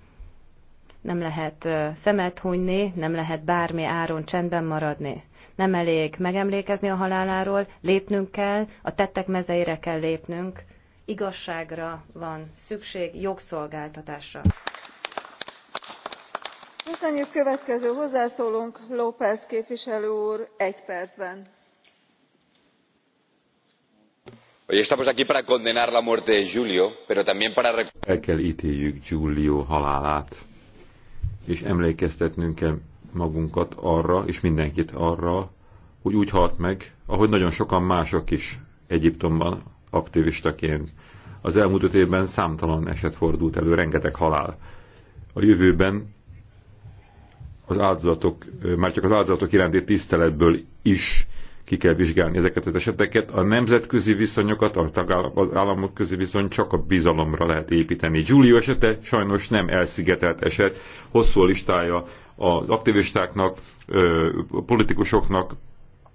Nem lehet ö, szemet hunyni, nem lehet bármi áron csendben maradni nem elég megemlékezni a haláláról, lépnünk kell, a tettek mezeire kell lépnünk, igazságra van szükség, jogszolgáltatásra. Köszönjük következő hozzászólónk, López képviselő úr, egy percben. Hoy estamos aquí para condenar la muerte de Julio, pero también para... El kell ítéljük Julio halálát, és emlékeztetnünk kell magunkat arra, és mindenkit arra, hogy úgy halt meg, ahogy nagyon sokan mások is Egyiptomban aktivistaként. Az elmúlt öt évben számtalan eset fordult elő, rengeteg halál. A jövőben az áldozatok, már csak az áldozatok iránti tiszteletből is ki kell vizsgálni ezeket az eseteket. A nemzetközi viszonyokat, a államok közi viszony csak a bizalomra lehet építeni. Giulio esete sajnos nem elszigetelt eset, hosszú listája az aktivistáknak, politikusoknak,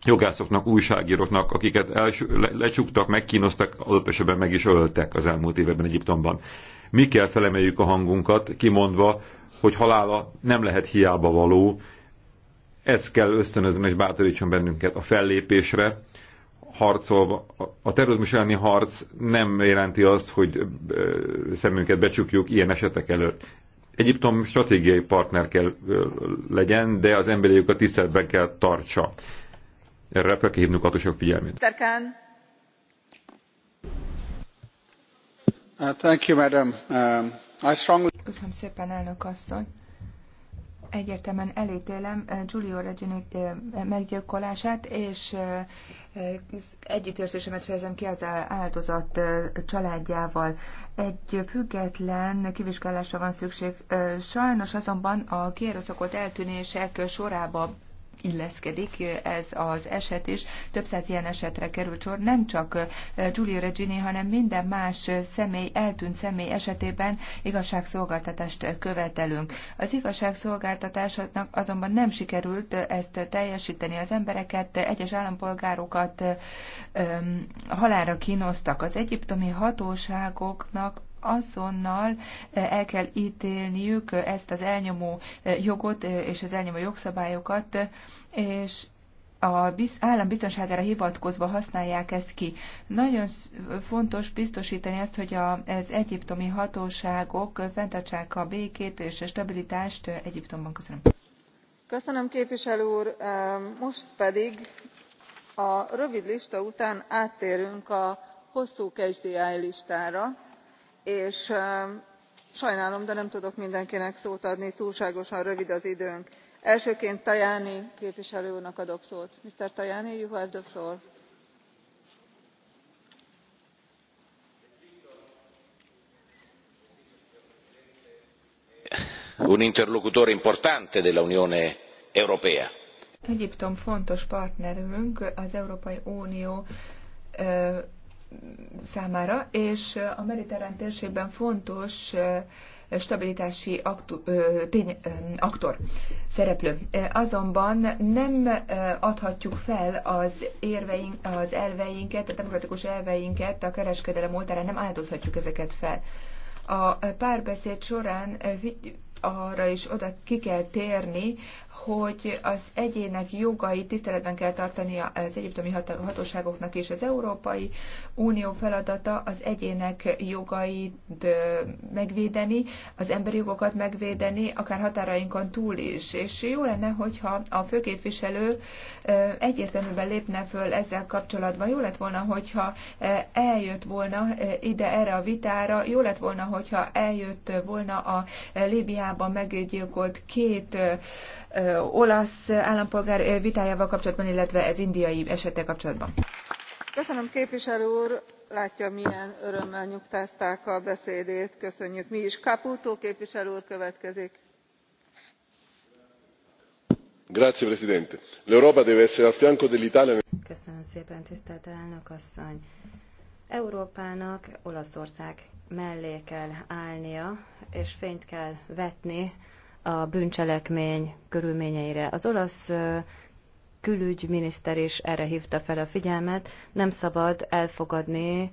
jogászoknak, újságíróknak, akiket els, le, lecsuktak, megkínoztak, adott esetben meg is öltek az elmúlt években Egyiptomban. Mi kell felemeljük a hangunkat, kimondva, hogy halála nem lehet hiába való, ez kell ösztönözni és bátorítson bennünket a fellépésre, harcolva. A terrorizmus elleni harc nem jelenti azt, hogy szemünket becsukjuk ilyen esetek előtt. Egyiptom stratégiai partner kell legyen, de az emberi a tiszteletben kell tartsa. Erre fel kell hívnunk hatóság figyelmét. Terkán. Uh, thank you, madam. Um, I strongly... Köszönöm szépen, elnök asszony. Egyértelműen elítélem eh, Giulio Regini eh, meggyilkolását, és eh, együttérzésemet fejezem ki az áldozat családjával. Egy független kivizsgálásra van szükség. Sajnos azonban a kierőszakolt eltűnések sorába illeszkedik ez az eset is. Több száz ilyen esetre került sor, nem csak Giulio Regini, hanem minden más személy, eltűnt személy esetében igazságszolgáltatást követelünk. Az igazságszolgáltatásnak azonban nem sikerült ezt teljesíteni. Az embereket, egyes állampolgárokat halára kínoztak. Az egyiptomi hatóságoknak azonnal eh, el kell ítélniük eh, ezt az elnyomó eh, jogot és az elnyomó jogszabályokat, és a állam biztonságára hivatkozva használják ezt ki. Nagyon fontos biztosítani azt, hogy az egyiptomi hatóságok fenntartsák a békét és a stabilitást Egyiptomban. Köszönöm. Köszönöm képviselő úr. Most pedig a rövid lista után áttérünk a hosszú KSDI listára és sajnálom de nem tudok mindenkinek szót adni túlságosan rövid az időnk. elsőként tajani képviselő úrnak adok szót. mr tajani you have the floor. un interlocutore importante dell'unione europea. egyiptom fontos partnerünk az európai unió számára, és a mediterrán térségben fontos stabilitási aktu, tény, aktor, szereplő. Azonban nem adhatjuk fel az, érveink, az elveinket, a demokratikus elveinket, a kereskedelem oltára, nem áldozhatjuk ezeket fel. A párbeszéd során arra is oda ki kell térni, hogy az egyének jogai tiszteletben kell tartani az egyiptomi hatóságoknak és az Európai Unió feladata az egyének jogait megvédeni, az emberi jogokat megvédeni, akár határainkon túl is. És jó lenne, hogyha a főképviselő egyértelműen lépne föl ezzel kapcsolatban. Jó lett volna, hogyha eljött volna ide erre a vitára, jó lett volna, hogyha eljött volna a Líbiában meggyilkolt két olasz állampolgár eh, vitájával kapcsolatban, illetve ez indiai esettel kapcsolatban. Köszönöm képviselő úr, látja milyen örömmel nyugtázták a beszédét, köszönjük mi is. Caputo képviselő úr következik. Grazie Presidente. L'Europa deve essere al fianco dell'Italia. Köszönöm szépen, tisztelt elnök asszony. Európának Olaszország mellé kell állnia, és fényt kell vetni a bűncselekmény körülményeire. Az olasz külügyminiszter is erre hívta fel a figyelmet, nem szabad elfogadni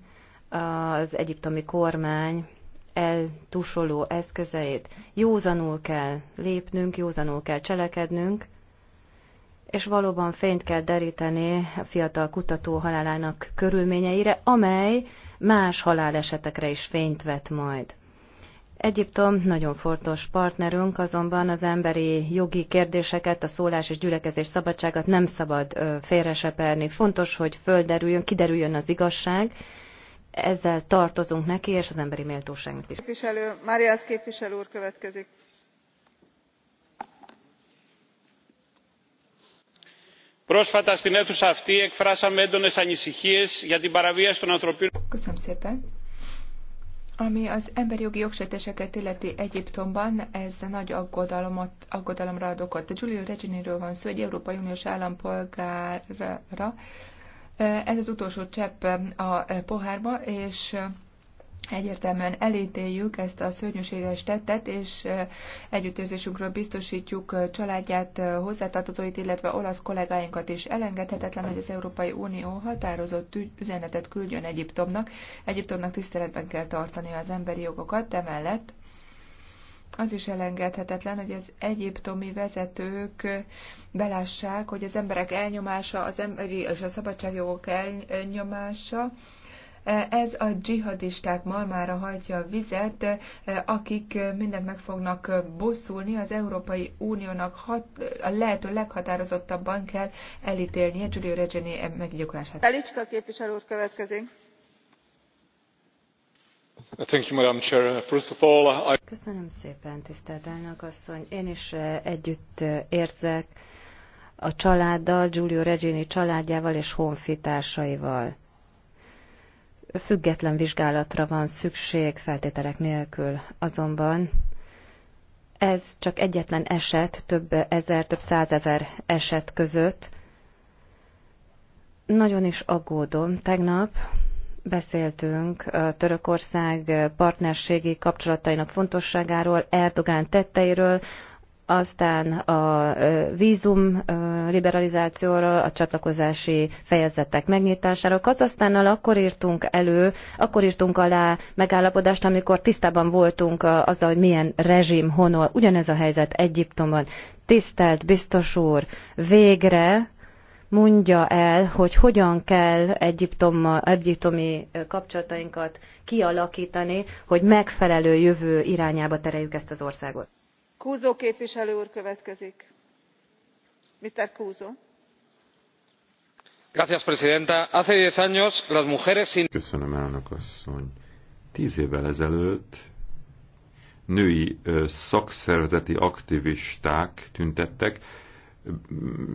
az egyiptomi kormány eltusoló eszközeit. Józanul kell lépnünk, józanul kell cselekednünk, és valóban fényt kell deríteni a fiatal kutató halálának körülményeire, amely más halálesetekre is fényt vet majd. Egyiptom nagyon fontos partnerünk, azonban az emberi jogi kérdéseket, a szólás és gyülekezés szabadságát nem szabad félreseperni. Fontos, hogy földerüljön, kiderüljön az igazság, ezzel tartozunk neki, és az emberi méltóságnak is. Képviselő, Máriás képviselő úr következik. Πρόσφατα στην αίθουσα αυτή εκφράσαμε έντονες ανησυχίες για την παραβίαση των ανθρωπίνων... Köszönöm szépen. Ami az emberi jogi jogsértéseket illeti Egyiptomban, ez nagy aggodalomot, aggodalomra ad okot. Giulio Reginiről van szó, egy Európai Uniós állampolgárra. Ez az utolsó csepp a pohárba, és Egyértelműen elítéljük ezt a szörnyűséges tettet, és együttérzésünkről biztosítjuk családját, hozzátartozóit, illetve olasz kollégáinkat is. Elengedhetetlen, hogy az Európai Unió határozott üzenetet küldjön Egyiptomnak. Egyiptomnak tiszteletben kell tartani az emberi jogokat, emellett az is elengedhetetlen, hogy az egyiptomi vezetők belássák, hogy az emberek elnyomása, az emberi és a szabadságjogok elnyomása, ez a dzsihadisták malmára hajtja a vizet, akik mindent meg fognak bosszulni. Az Európai Uniónak hat, a lehető leghatározottabban kell elítélnie Giulio Regeni meggyilkolását. Felicska képviselő úr következik. Köszönöm szépen, tisztelt elnök asszony. Én is eh, együtt eh, érzek a családdal, Giulio Regini családjával és honfitársaival. Független vizsgálatra van szükség feltételek nélkül, azonban ez csak egyetlen eset, több ezer, több százezer eset között. Nagyon is aggódom. Tegnap beszéltünk a Törökország partnerségi kapcsolatainak fontosságáról, Erdogán tetteiről, aztán a vízum liberalizációról, a csatlakozási fejezetek megnyitásáról. Kazasztánnal akkor írtunk elő, akkor írtunk alá megállapodást, amikor tisztában voltunk azzal, hogy milyen rezsim honol. Ugyanez a helyzet Egyiptomban. Tisztelt biztos úr, végre mondja el, hogy hogyan kell Egyiptommal, egyiptomi kapcsolatainkat kialakítani, hogy megfelelő jövő irányába tereljük ezt az országot couso képviselő következik. señora presidenta hace diez años las mujeres sin. köszönöm elnök asszony. tíz évvel ezelőtt női szakszervezeti aktivisták tüntettek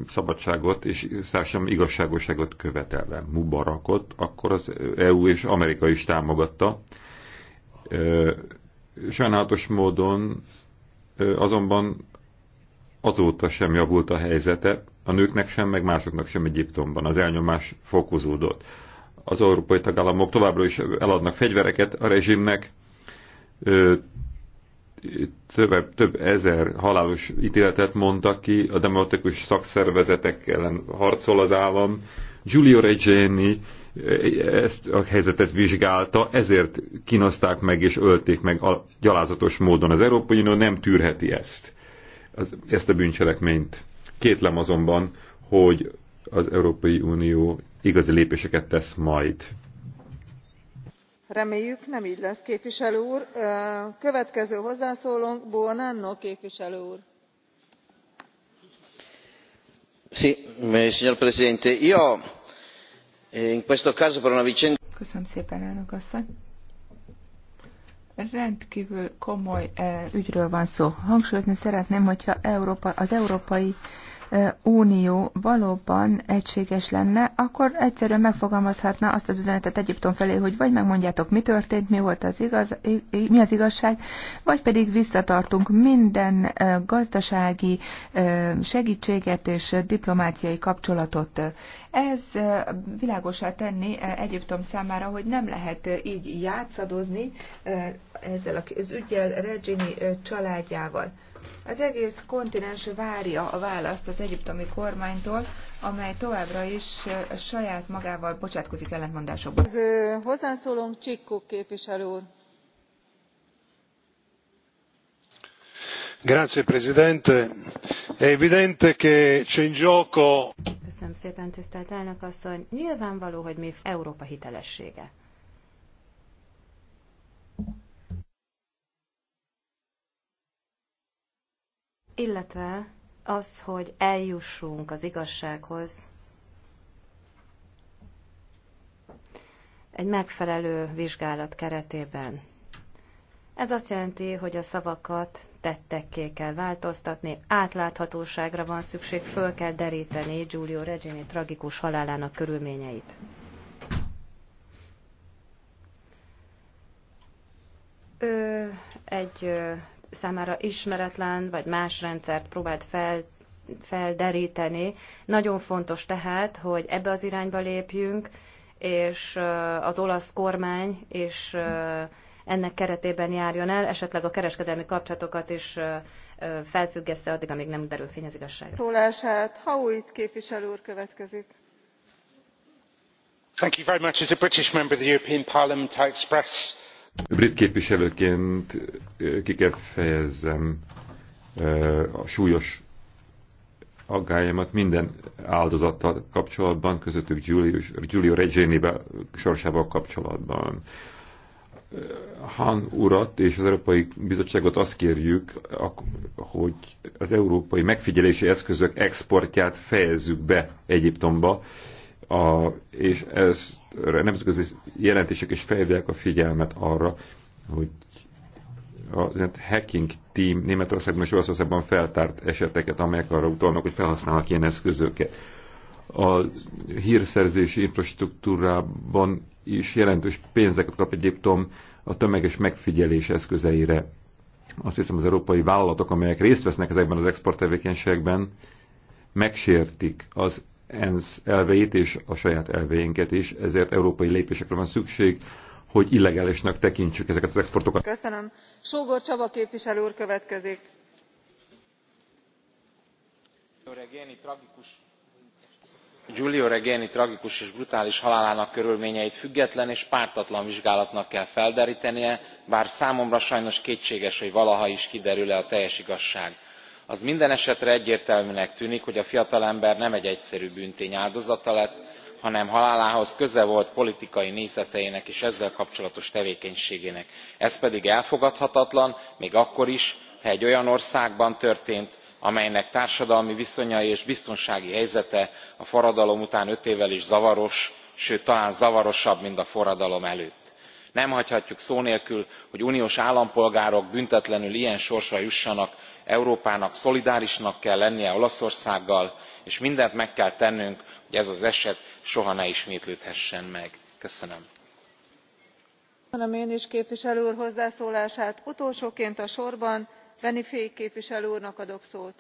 szabadságot és társadalmi igazságosságot követelve. Mubarakot akkor az EU és Amerika is támogatta. Sajnálatos módon azonban azóta sem javult a helyzete, a nőknek sem, meg másoknak sem Egyiptomban. Az elnyomás fokozódott. Az európai tagállamok továbbra is eladnak fegyvereket a rezsimnek, több, több ezer halálos ítéletet mondtak ki, a demokratikus szakszervezetek ellen harcol az állam. Giulio Regeni ezt a helyzetet vizsgálta, ezért kínozták meg és ölték meg a gyalázatos módon. Az Európai Unió nem tűrheti ezt, az, ezt a bűncselekményt. Kétlem azonban, hogy az Európai Unió igazi lépéseket tesz majd. Reméljük, nem így lesz, képviselő úr. Következő hozzászólónk Buonanno képviselő úr. Sí, eh, señor presidente, io Eh, in questo caso per una vicenda... Köszönöm szépen, elnök asszony. Rendkívül komoly eh, ügyről van szó. Hangsúlyozni szeretném, hogyha az európai Unió valóban egységes lenne, akkor egyszerűen megfogalmazhatna azt az üzenetet Egyiptom felé, hogy vagy megmondjátok, mi történt, mi volt az igaz, mi az igazság, vagy pedig visszatartunk minden gazdasági segítséget és diplomáciai kapcsolatot. Ez világosá tenni Egyiptom számára, hogy nem lehet így játszadozni ezzel az ügyel Regini családjával. Az egész kontinens várja a választ az egyiptomi kormánytól, amely továbbra is saját magával bocsátkozik ellentmondásokba. Az hozzászólónk Csikkó képviselő úr. Grazie Presidente. È evidente che c'è in gioco. Köszönöm szépen, tisztelt elnök asszony. Nyilvánvaló, hogy mi Európa hitelessége. illetve az, hogy eljussunk az igazsághoz egy megfelelő vizsgálat keretében. Ez azt jelenti, hogy a szavakat tettekké kell változtatni, átláthatóságra van szükség, föl kell deríteni Giulio Regini tragikus halálának körülményeit. Ő egy számára ismeretlen vagy más rendszert próbált fel, felderíteni. Nagyon fontos tehát, hogy ebbe az irányba lépjünk, és az olasz kormány és ennek keretében járjon el, esetleg a kereskedelmi kapcsolatokat is felfüggesse addig, amíg nem derül fény az igazság. Szólását új képviselő úr következik. Thank you very much. As a British member of the European Parliament, I express Brit képviselőként ki kell fejezzem a súlyos aggályomat minden áldozattal kapcsolatban, közöttük Julius, Giulio reggiani sorsával kapcsolatban. Han urat és az Európai Bizottságot azt kérjük, hogy az európai megfigyelési eszközök exportját fejezzük be Egyiptomba, a, és ezt nemzetközi jelentések is felhívják a figyelmet arra, hogy a hacking team Németországban és Olaszországban feltárt eseteket, amelyek arra utalnak, hogy felhasználnak ilyen eszközöket. A hírszerzési infrastruktúrában is jelentős pénzeket kap egyiptom a tömeges megfigyelés eszközeire. Azt hiszem az európai vállalatok, amelyek részt vesznek ezekben az exporttevékenységben, megsértik az ENSZ elveit és a saját elveinket is, ezért európai lépésekre van szükség, hogy illegálisnak tekintsük ezeket az exportokat. Köszönöm. Sógor Csaba képviselő úr következik. Giulio Regeni tragikus és brutális halálának körülményeit független és pártatlan vizsgálatnak kell felderítenie, bár számomra sajnos kétséges, hogy valaha is kiderül-e a teljes igazság az mindenesetre egyértelműnek tűnik hogy a fiatalember nem egy egyszerű bűntény áldozata lett hanem halálához köze volt politikai nézeteinek és ezzel kapcsolatos tevékenységének ez pedig elfogadhatatlan még akkor is ha egy olyan országban történt amelynek társadalmi viszonyai és biztonsági helyzete a forradalom után öt évvel is zavaros sőt talán zavarosabb mint a forradalom előtt nem hagyhatjuk szó nélkül hogy uniós állampolgárok büntetlenül ilyen sorsra jussanak európának szolidárisnak kell lennie olaszországgal és mindent meg kell tennünk hogy ez az eset soha ne ismétlődhessen meg. köszönöm. köszönöm én is képviselő úr hozzászólását. utolsóként a sorban benifei képviselő úrnak adok szót.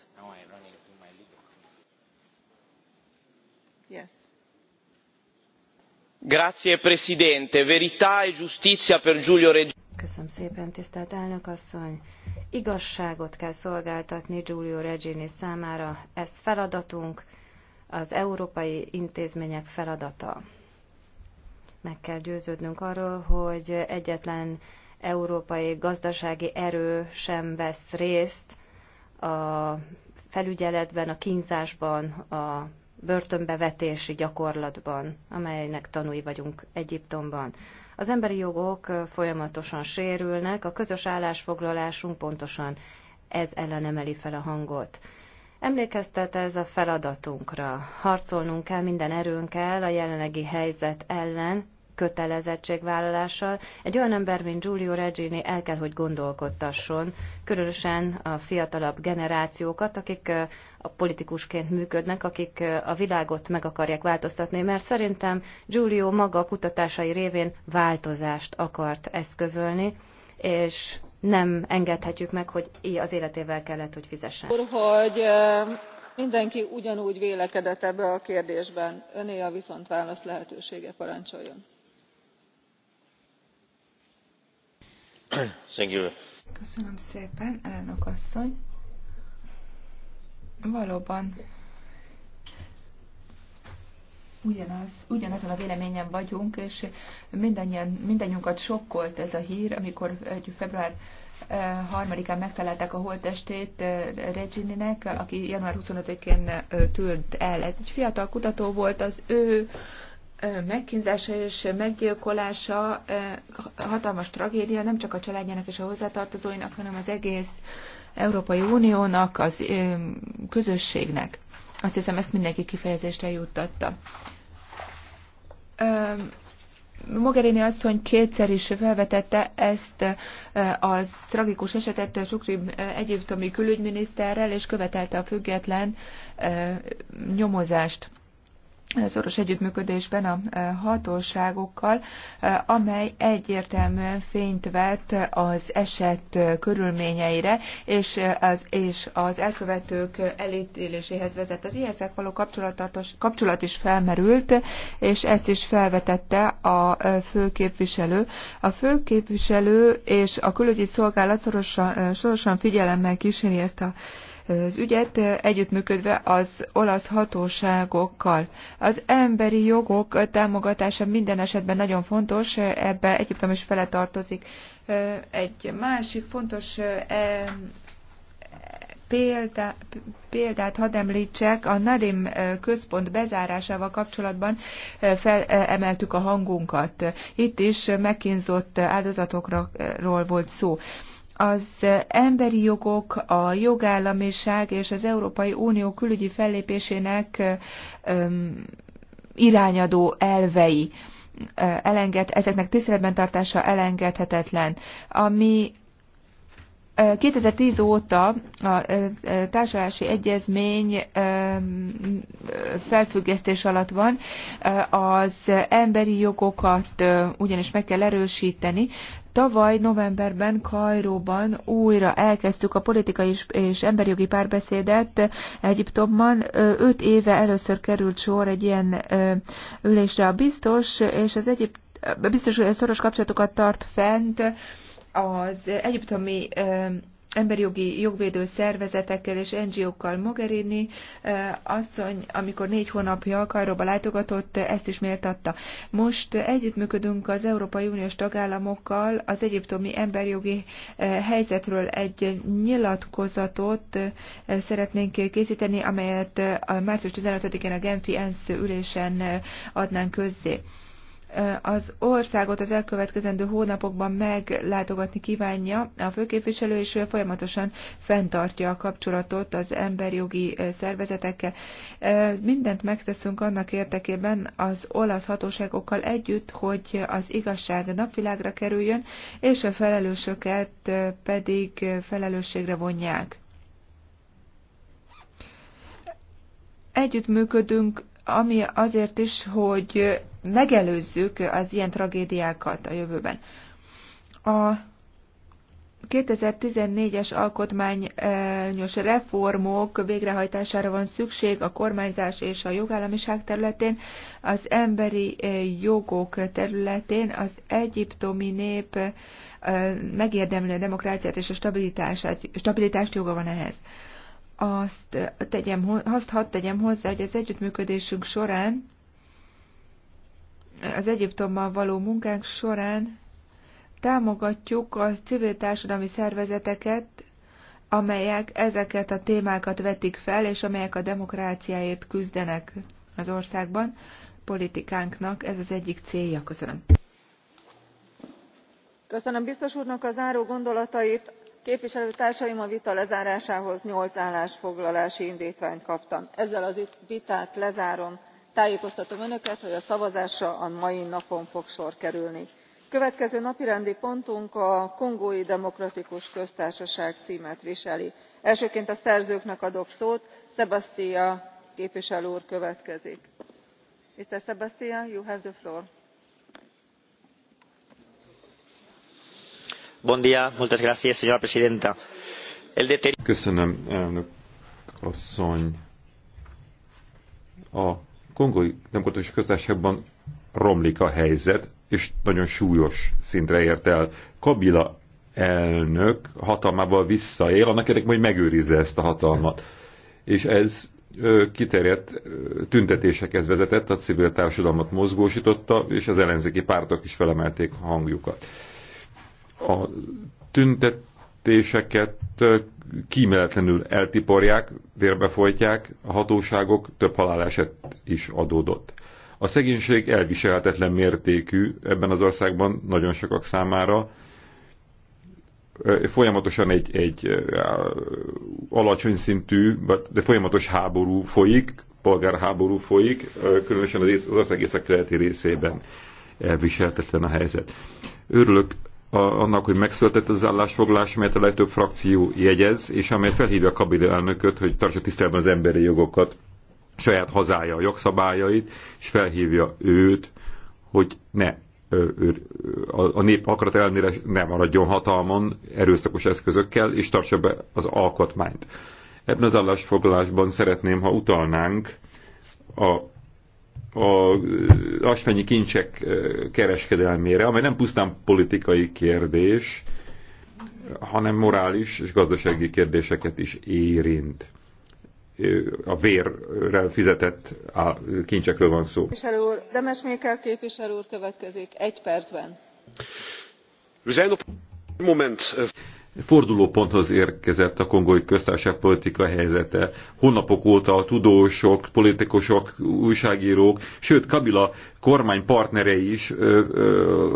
Grazie, Presidente. Verità e giustizia per Giulio Regeni. Köszönöm szépen, tisztelt elnök asszony. Igazságot kell szolgáltatni Giulio Regini számára. Ez feladatunk, az európai intézmények feladata. Meg kell győződnünk arról, hogy egyetlen európai gazdasági erő sem vesz részt a felügyeletben, a kínzásban, a börtönbevetési gyakorlatban, amelynek tanúi vagyunk Egyiptomban. Az emberi jogok folyamatosan sérülnek, a közös állásfoglalásunk pontosan ez ellen emeli fel a hangot. Emlékeztet ez a feladatunkra. Harcolnunk kell minden erőnkkel a jelenlegi helyzet ellen, kötelezettségvállalással egy olyan ember, mint Giulio Regini el kell, hogy gondolkodtasson, különösen a fiatalabb generációkat, akik a politikusként működnek, akik a világot meg akarják változtatni, mert szerintem Giulio maga a kutatásai révén változást akart eszközölni, és nem engedhetjük meg, hogy így az életével kellett, hogy fizessen. Úr, hogy mindenki ugyanúgy vélekedett ebbe a kérdésben öné a viszont válasz lehetősége parancsoljon! Köszönöm szépen, elnök asszony. Valóban ugyanaz, ugyanazon a véleményen vagyunk, és mindannyian, mindannyiunkat sokkolt ez a hír, amikor egy február eh, harmadikán megtalálták a holttestét eh, Regininek, aki január 25-én eh, tűnt el. Ez egy fiatal kutató volt, az ő megkínzása és meggyilkolása hatalmas tragédia nem csak a családjának és a hozzátartozóinak, hanem az egész Európai Uniónak, az közösségnek. Azt hiszem, ezt mindenki kifejezésre juttatta. Mogherini asszony kétszer is felvetette ezt az tragikus esetet Sukri egyiptomi külügyminiszterrel, és követelte a független nyomozást szoros együttműködésben a e, hatóságokkal, e, amely egyértelműen fényt vett az eset e, körülményeire, és az, és az elkövetők elítéléséhez vezet. Az ISZ-ek való kapcsolat is felmerült, és ezt is felvetette a főképviselő. A főképviselő és a külügyi szolgálat szorosan, szorosan figyelemmel kíséri ezt a az ügyet, együttműködve az olasz hatóságokkal. Az emberi jogok támogatása minden esetben nagyon fontos, ebbe Egyiptom is fele tartozik. Egy másik fontos e, példa, példát hadd említsek, a Nadim központ bezárásával kapcsolatban felemeltük a hangunkat. Itt is megkínzott áldozatokról volt szó az emberi jogok, a jogállamiság és az Európai Unió külügyi fellépésének irányadó elvei elenged, ezeknek tiszteletben tartása elengedhetetlen. Ami 2010 óta a társadalási egyezmény felfüggesztés alatt van, az emberi jogokat ugyanis meg kell erősíteni, Tavaly novemberben Kajróban újra elkezdtük a politikai és, emberi emberjogi párbeszédet Egyiptomban. Öt éve először került sor egy ilyen ülésre a biztos, és az egyéb biztos szoros kapcsolatokat tart fent az egyiptomi emberi jogi jogvédő szervezetekkel és NGO-kkal Mogherini asszony, amikor négy hónapja Kairóba látogatott, ezt is méltatta. Most együttműködünk az Európai Uniós tagállamokkal az egyiptomi emberi jogi helyzetről egy nyilatkozatot szeretnénk készíteni, amelyet a március 15-én a Genfi ENSZ ülésen adnánk közzé az országot az elkövetkezendő hónapokban meglátogatni kívánja a főképviselő, és folyamatosan fenntartja a kapcsolatot az emberjogi szervezetekkel. Mindent megteszünk annak érdekében az olasz hatóságokkal együtt, hogy az igazság napvilágra kerüljön, és a felelősöket pedig felelősségre vonják. Együttműködünk ami azért is, hogy megelőzzük az ilyen tragédiákat a jövőben. A 2014-es alkotmányos reformok végrehajtására van szükség a kormányzás és a jogállamiság területén, az emberi jogok területén, az egyiptomi nép megérdemli a demokráciát és a stabilitást, stabilitást joga van ehhez. Azt, tegyem, azt hadd tegyem hozzá, hogy az együttműködésünk során az Egyiptommal való munkánk során támogatjuk a civil társadalmi szervezeteket, amelyek ezeket a témákat vetik fel, és amelyek a demokráciáért küzdenek az országban. Politikánknak ez az egyik célja. Köszönöm. Köszönöm biztos úrnak a záró gondolatait. Képviselőtársaim a vita lezárásához nyolc állásfoglalási indítványt kaptam. Ezzel az vitát lezárom tájékoztatom önöket hogy a szavazásra a mai napon fog sor kerülni. következő napirendi pontunk a kongói demokratikus köztársaság cmet viseli. elsőként a szerzőknek adok szót sebastia képviselő úr következik. mr sebastia you have the floor. Köszönöm, elnök asszony. A kongói demokratikus köztársaságban romlik a helyzet, és nagyon súlyos szintre ért el. Kabila elnök hatalmával visszaél, annak érdekében, hogy megőrizze ezt a hatalmat. És ez kiterjedt tüntetésekhez vezetett, a civil társadalmat mozgósította, és az ellenzéki pártok is felemelték hangjukat. A tüntet tüntetéseket kíméletlenül eltiporják, vérbefolytják, a hatóságok több haláleset is adódott. A szegénység elviselhetetlen mértékű ebben az országban nagyon sokak számára. Folyamatosan egy, egy alacsony szintű, de folyamatos háború folyik, polgárháború folyik, különösen az ország északkeleti részében elviselhetetlen a helyzet. Örülök annak, hogy megszületett az állásfoglalás, amelyet a legtöbb frakció jegyez, és amely felhívja a kabinő elnököt, hogy tartsa tisztelben az emberi jogokat, saját hazája a jogszabályait, és felhívja őt, hogy ne a nép akarat ellenére ne maradjon hatalmon erőszakos eszközökkel, és tartsa be az alkotmányt. Ebben az állásfoglalásban szeretném, ha utalnánk a az asványi kincsek kereskedelmére, amely nem pusztán politikai kérdés, hanem morális és gazdasági kérdéseket is érint. A vérrel fizetett kincsekről van szó. Képviselő úr, Mékel képviselő úr következik egy percben. moment fordulóponthoz érkezett a kongói köztársaság politika helyzete. Hónapok óta a tudósok, politikusok, újságírók, sőt Kabila kormány partnerei is,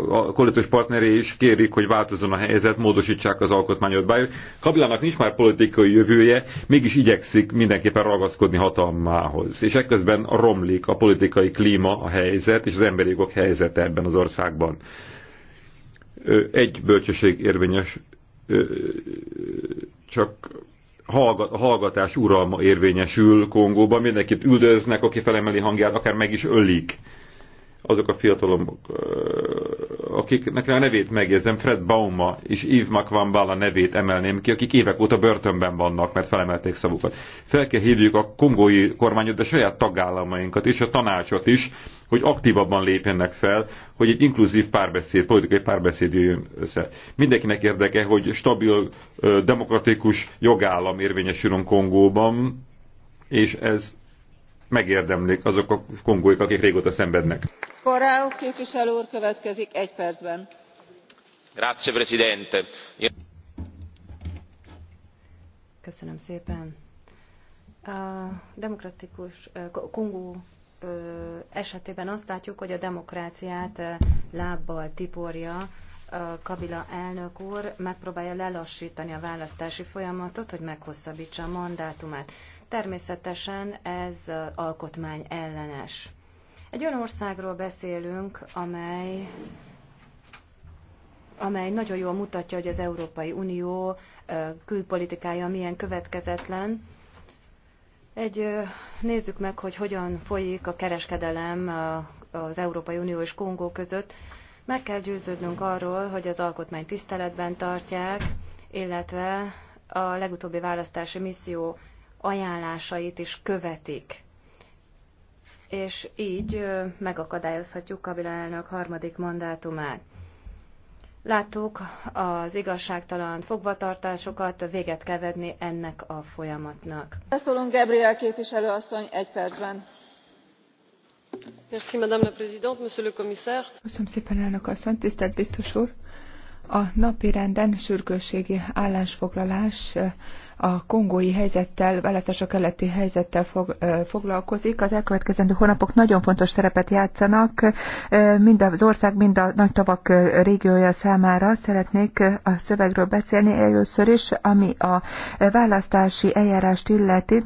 a koalíciós partnerei is kérik, hogy változzon a helyzet, módosítsák az alkotmányot. Bár Kabilának nincs már politikai jövője, mégis igyekszik mindenképpen ragaszkodni hatalmához. És ekközben romlik a politikai klíma, a helyzet és az emberi jogok helyzete ebben az országban egy bölcsesség érvényes csak a hallgatás uralma érvényesül Kongóban, mindenkit üldöznek, aki felemeli hangját, akár meg is ölik azok a fiatalok, akiknek a nevét megjegyzem, Fred Bauma és Yves Makvambala nevét emelném ki, akik évek óta börtönben vannak, mert felemelték szavukat. Fel kell hívjuk a kongói kormányot, de saját tagállamainkat és a tanácsot is, hogy aktívabban lépjenek fel, hogy egy inkluzív párbeszéd, politikai párbeszéd jöjjön össze. Mindenkinek érdeke, hogy stabil, demokratikus jogállam érvényesüljön Kongóban, és ez megérdemlik azok a kongóik, akik régóta szenvednek. Korau képviselő úr következik egy percben. Grazie, Presidente. Köszönöm szépen. A demokratikus Kongó esetében azt látjuk, hogy a demokráciát lábbal tiporja Kabila elnök úr megpróbálja lelassítani a választási folyamatot, hogy meghosszabbítsa a mandátumát. Természetesen ez alkotmány ellenes. Egy olyan országról beszélünk, amely amely nagyon jól mutatja, hogy az Európai Unió külpolitikája milyen következetlen. Egy, nézzük meg, hogy hogyan folyik a kereskedelem az Európai Unió és Kongó között. Meg kell győződnünk arról, hogy az alkotmány tiszteletben tartják, illetve a legutóbbi választási misszió ajánlásait is követik. És így megakadályozhatjuk Kabila elnök harmadik mandátumát. Láttuk az igazságtalan fogvatartásokat, véget kell vedni ennek a folyamatnak. Szólunk Gabriel képviselő asszony egy percben. Merci, Madame la Présidente, Monsieur le Commissaire. Köszönöm szépen, elnök asszony, tisztelt biztos úr! A napi renden sürgősségi állásfoglalás a kongói helyzettel, választások előtti helyzettel fog, foglalkozik. Az elkövetkezendő hónapok nagyon fontos szerepet játszanak, mind az ország, mind a nagy tavak régiója számára. Szeretnék a szövegről beszélni először is, ami a választási eljárást illeti.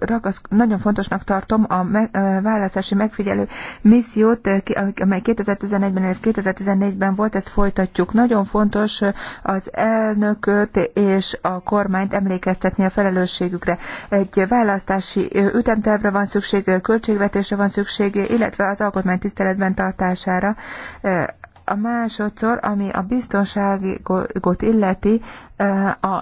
Ragasz, nagyon fontosnak tartom a választási megfigyelő missziót, amely 2011-ben, illetve 2014-ben volt, ezt folytatjuk. Nagyon fontos az elnököt és a kormányt emlékeztetni a felelősségükre. Egy választási ütemtervre van szükség, költségvetésre van szükség, illetve az alkotmány tiszteletben tartására a másodszor, ami a biztonságot illeti, a,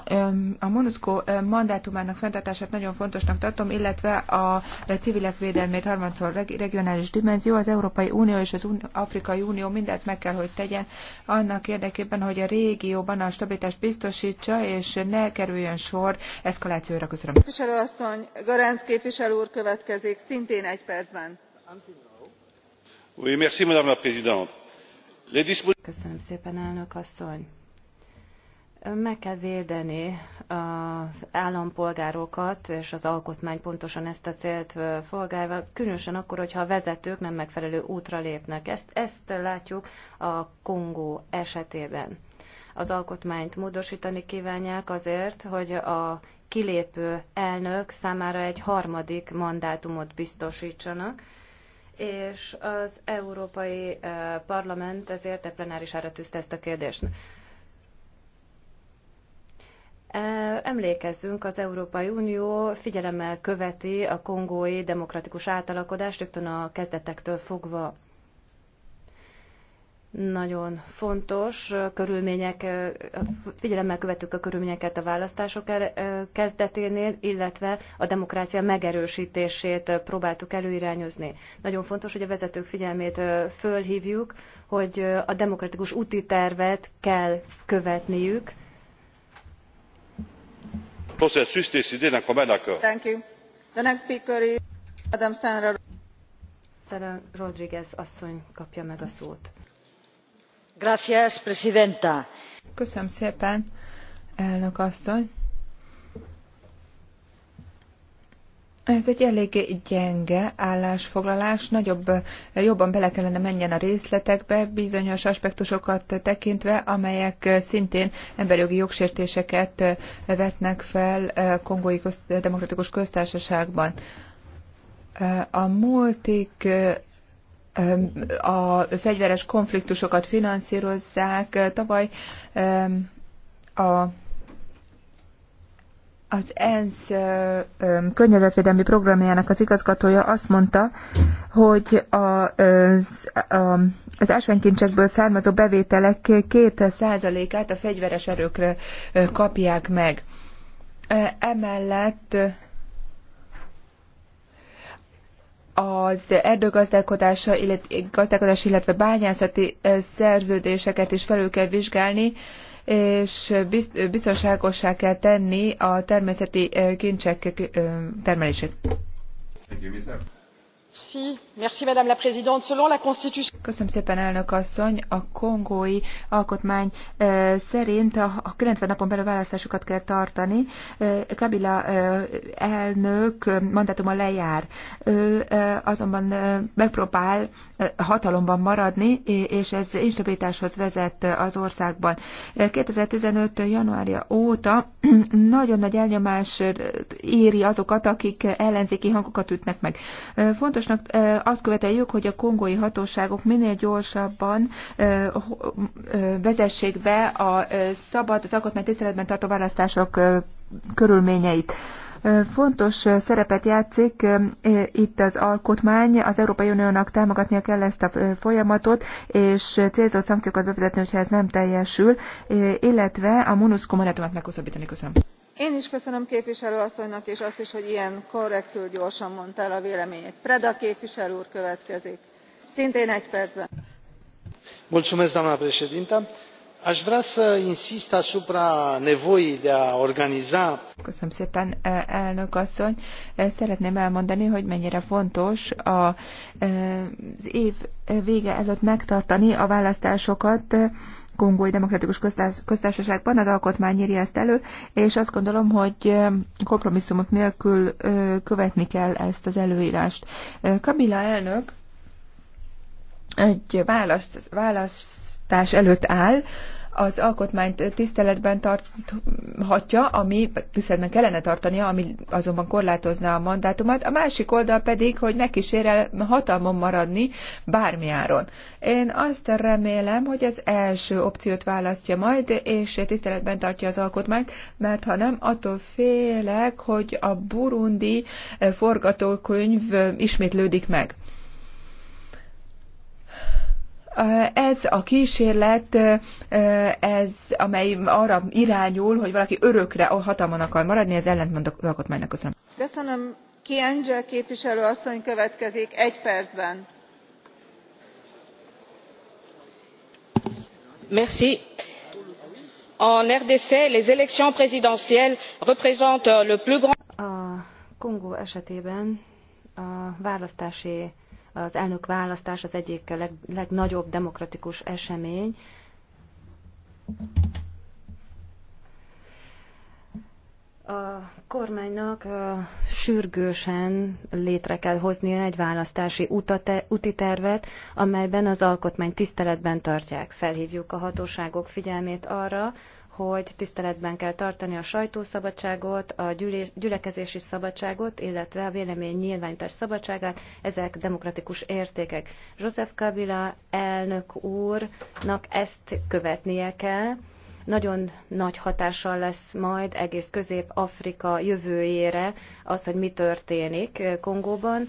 a MONUSCO mandátumának fenntartását nagyon fontosnak tartom, illetve a civilek védelmét harmadszor regionális dimenzió. Az Európai Unió és az Afrikai Unió mindent meg kell, hogy tegyen annak érdekében, hogy a régióban a stabilitást biztosítsa, és ne kerüljön sor eszkalációra. Köszönöm. Képviselőasszony, Garánc képviselő úr következik, szintén egy percben. Oui, merci, madame la présidente Köszönöm szépen, elnök asszony. Meg kell védeni az állampolgárokat, és az alkotmány pontosan ezt a célt szolgálva, különösen akkor, hogyha a vezetők nem megfelelő útra lépnek. Ezt, ezt látjuk a Kongó esetében. Az alkotmányt módosítani kívánják azért, hogy a kilépő elnök számára egy harmadik mandátumot biztosítsanak, és az Európai eh, Parlament ezért a plenárisára tűzte ezt a kérdést. Eh, emlékezzünk, az Európai Unió figyelemmel követi a kongói demokratikus átalakodást rögtön a kezdetektől fogva nagyon fontos körülmények, figyelemmel követük a körülményeket a választások kezdeténél, illetve a demokrácia megerősítését próbáltuk előirányozni. Nagyon fontos, hogy a vezetők figyelmét fölhívjuk, hogy a demokratikus úti tervet kell követniük. Processus Thank you. The next speaker is Adam Sandra Rodriguez asszony kapja meg a szót. Köszönöm szépen, elnök asszony. Ez egy eléggé gyenge állásfoglalás, nagyobb, jobban bele kellene menjen a részletekbe, bizonyos aspektusokat tekintve, amelyek szintén emberjogi jogsértéseket vetnek fel eh, Kongói Demokratikus Köztársaságban. Eh, a multik eh, a fegyveres konfliktusokat finanszírozzák. Tavaly a az ENSZ környezetvédelmi programjának az igazgatója azt mondta, hogy az, az ásványkincsekből származó bevételek két százalékát a fegyveres erőkre kapják meg. Emellett az erdőgazdálkodása, illetve, gazdálkodás, illetve bányászati szerződéseket is felül kell vizsgálni, és biztonságosá kell tenni a természeti kincsek termelését. Köszönöm szépen, elnök asszony. A kongói alkotmány eh, szerint a ninety napon belül választásokat kell tartani. Eh, Kabila eh, elnök mandátuma lejár. Ő azonban megpróbál hatalomban maradni, és ez instabilitáshoz vezet az országban. 2015. januárja óta nagyon nagy elnyomás éri azokat, akik ellenzéki hangokat ütnek meg. Fontos fontosnak azt követeljük, hogy a kongói hatóságok minél gyorsabban vezessék be a szabad, az alkotmány tiszteletben tartó választások körülményeit fontos szerepet játszik itt az alkotmány, az Európai Uniónak támogatnia kell ezt a folyamatot, és célzott szankciókat bevezetni, hogyha ez nem teljesül, illetve a MONUSZKO mandátumát meghosszabbítani. Köszönöm én is köszönöm képviselő asszonynak és azt is hogy ilyen korrektül gyorsan mondta el a véleményét. preda képviselő úr következik szintén egy percben. doamnă președintă aș vrea să insist asupra nevoii de a organiza. Köszönöm szépen, e, elnök asszony. E, szeretném elmondani, hogy mennyire fontos a, e, az év vége előtt megtartani a választásokat Kongói Demokratikus Köztársaságban az alkotmány írja ezt elő, és azt gondolom, hogy kompromisszumok nélkül követni kell ezt az előírást. Kamila elnök egy választ, választás előtt áll, az alkotmányt tiszteletben tarthatja, ami tiszteletben kellene tartania, ami azonban korlátozna a mandátumát, a másik oldal pedig, hogy megkísérel hatalmon maradni bármi áron. Én azt remélem, hogy az első opciót választja majd, és tiszteletben tartja az alkotmányt, mert ha nem, attól félek, hogy a burundi forgatókönyv ismétlődik meg. Ez a kísérlet, ez, amely arra irányul, hogy valaki örökre a hatalmon akar maradni, ez ellentmond az alkotmánynak. Köszönöm. Köszönöm. Angel képviselő asszony következik egy percben. Merci en rdc les élections présidentielles représentent le plus grand. a kongó esetében a választási az elnök választás az egyik leg, legnagyobb demokratikus esemény. A kormánynak sürgősen létre kell hoznia egy választási úti tervet, amelyben az alkotmány tiszteletben tartják. Felhívjuk a hatóságok figyelmét arra, hogy tiszteletben kell tartani a sajtószabadságot, a gyülekezési szabadságot, illetve a vélemény nyilvánítás szabadságát, ezek demokratikus értékek. Joseph Kabila elnök úrnak ezt követnie kell, nagyon nagy hatással lesz majd egész Közép-Afrika jövőjére az, hogy mi történik Kongóban.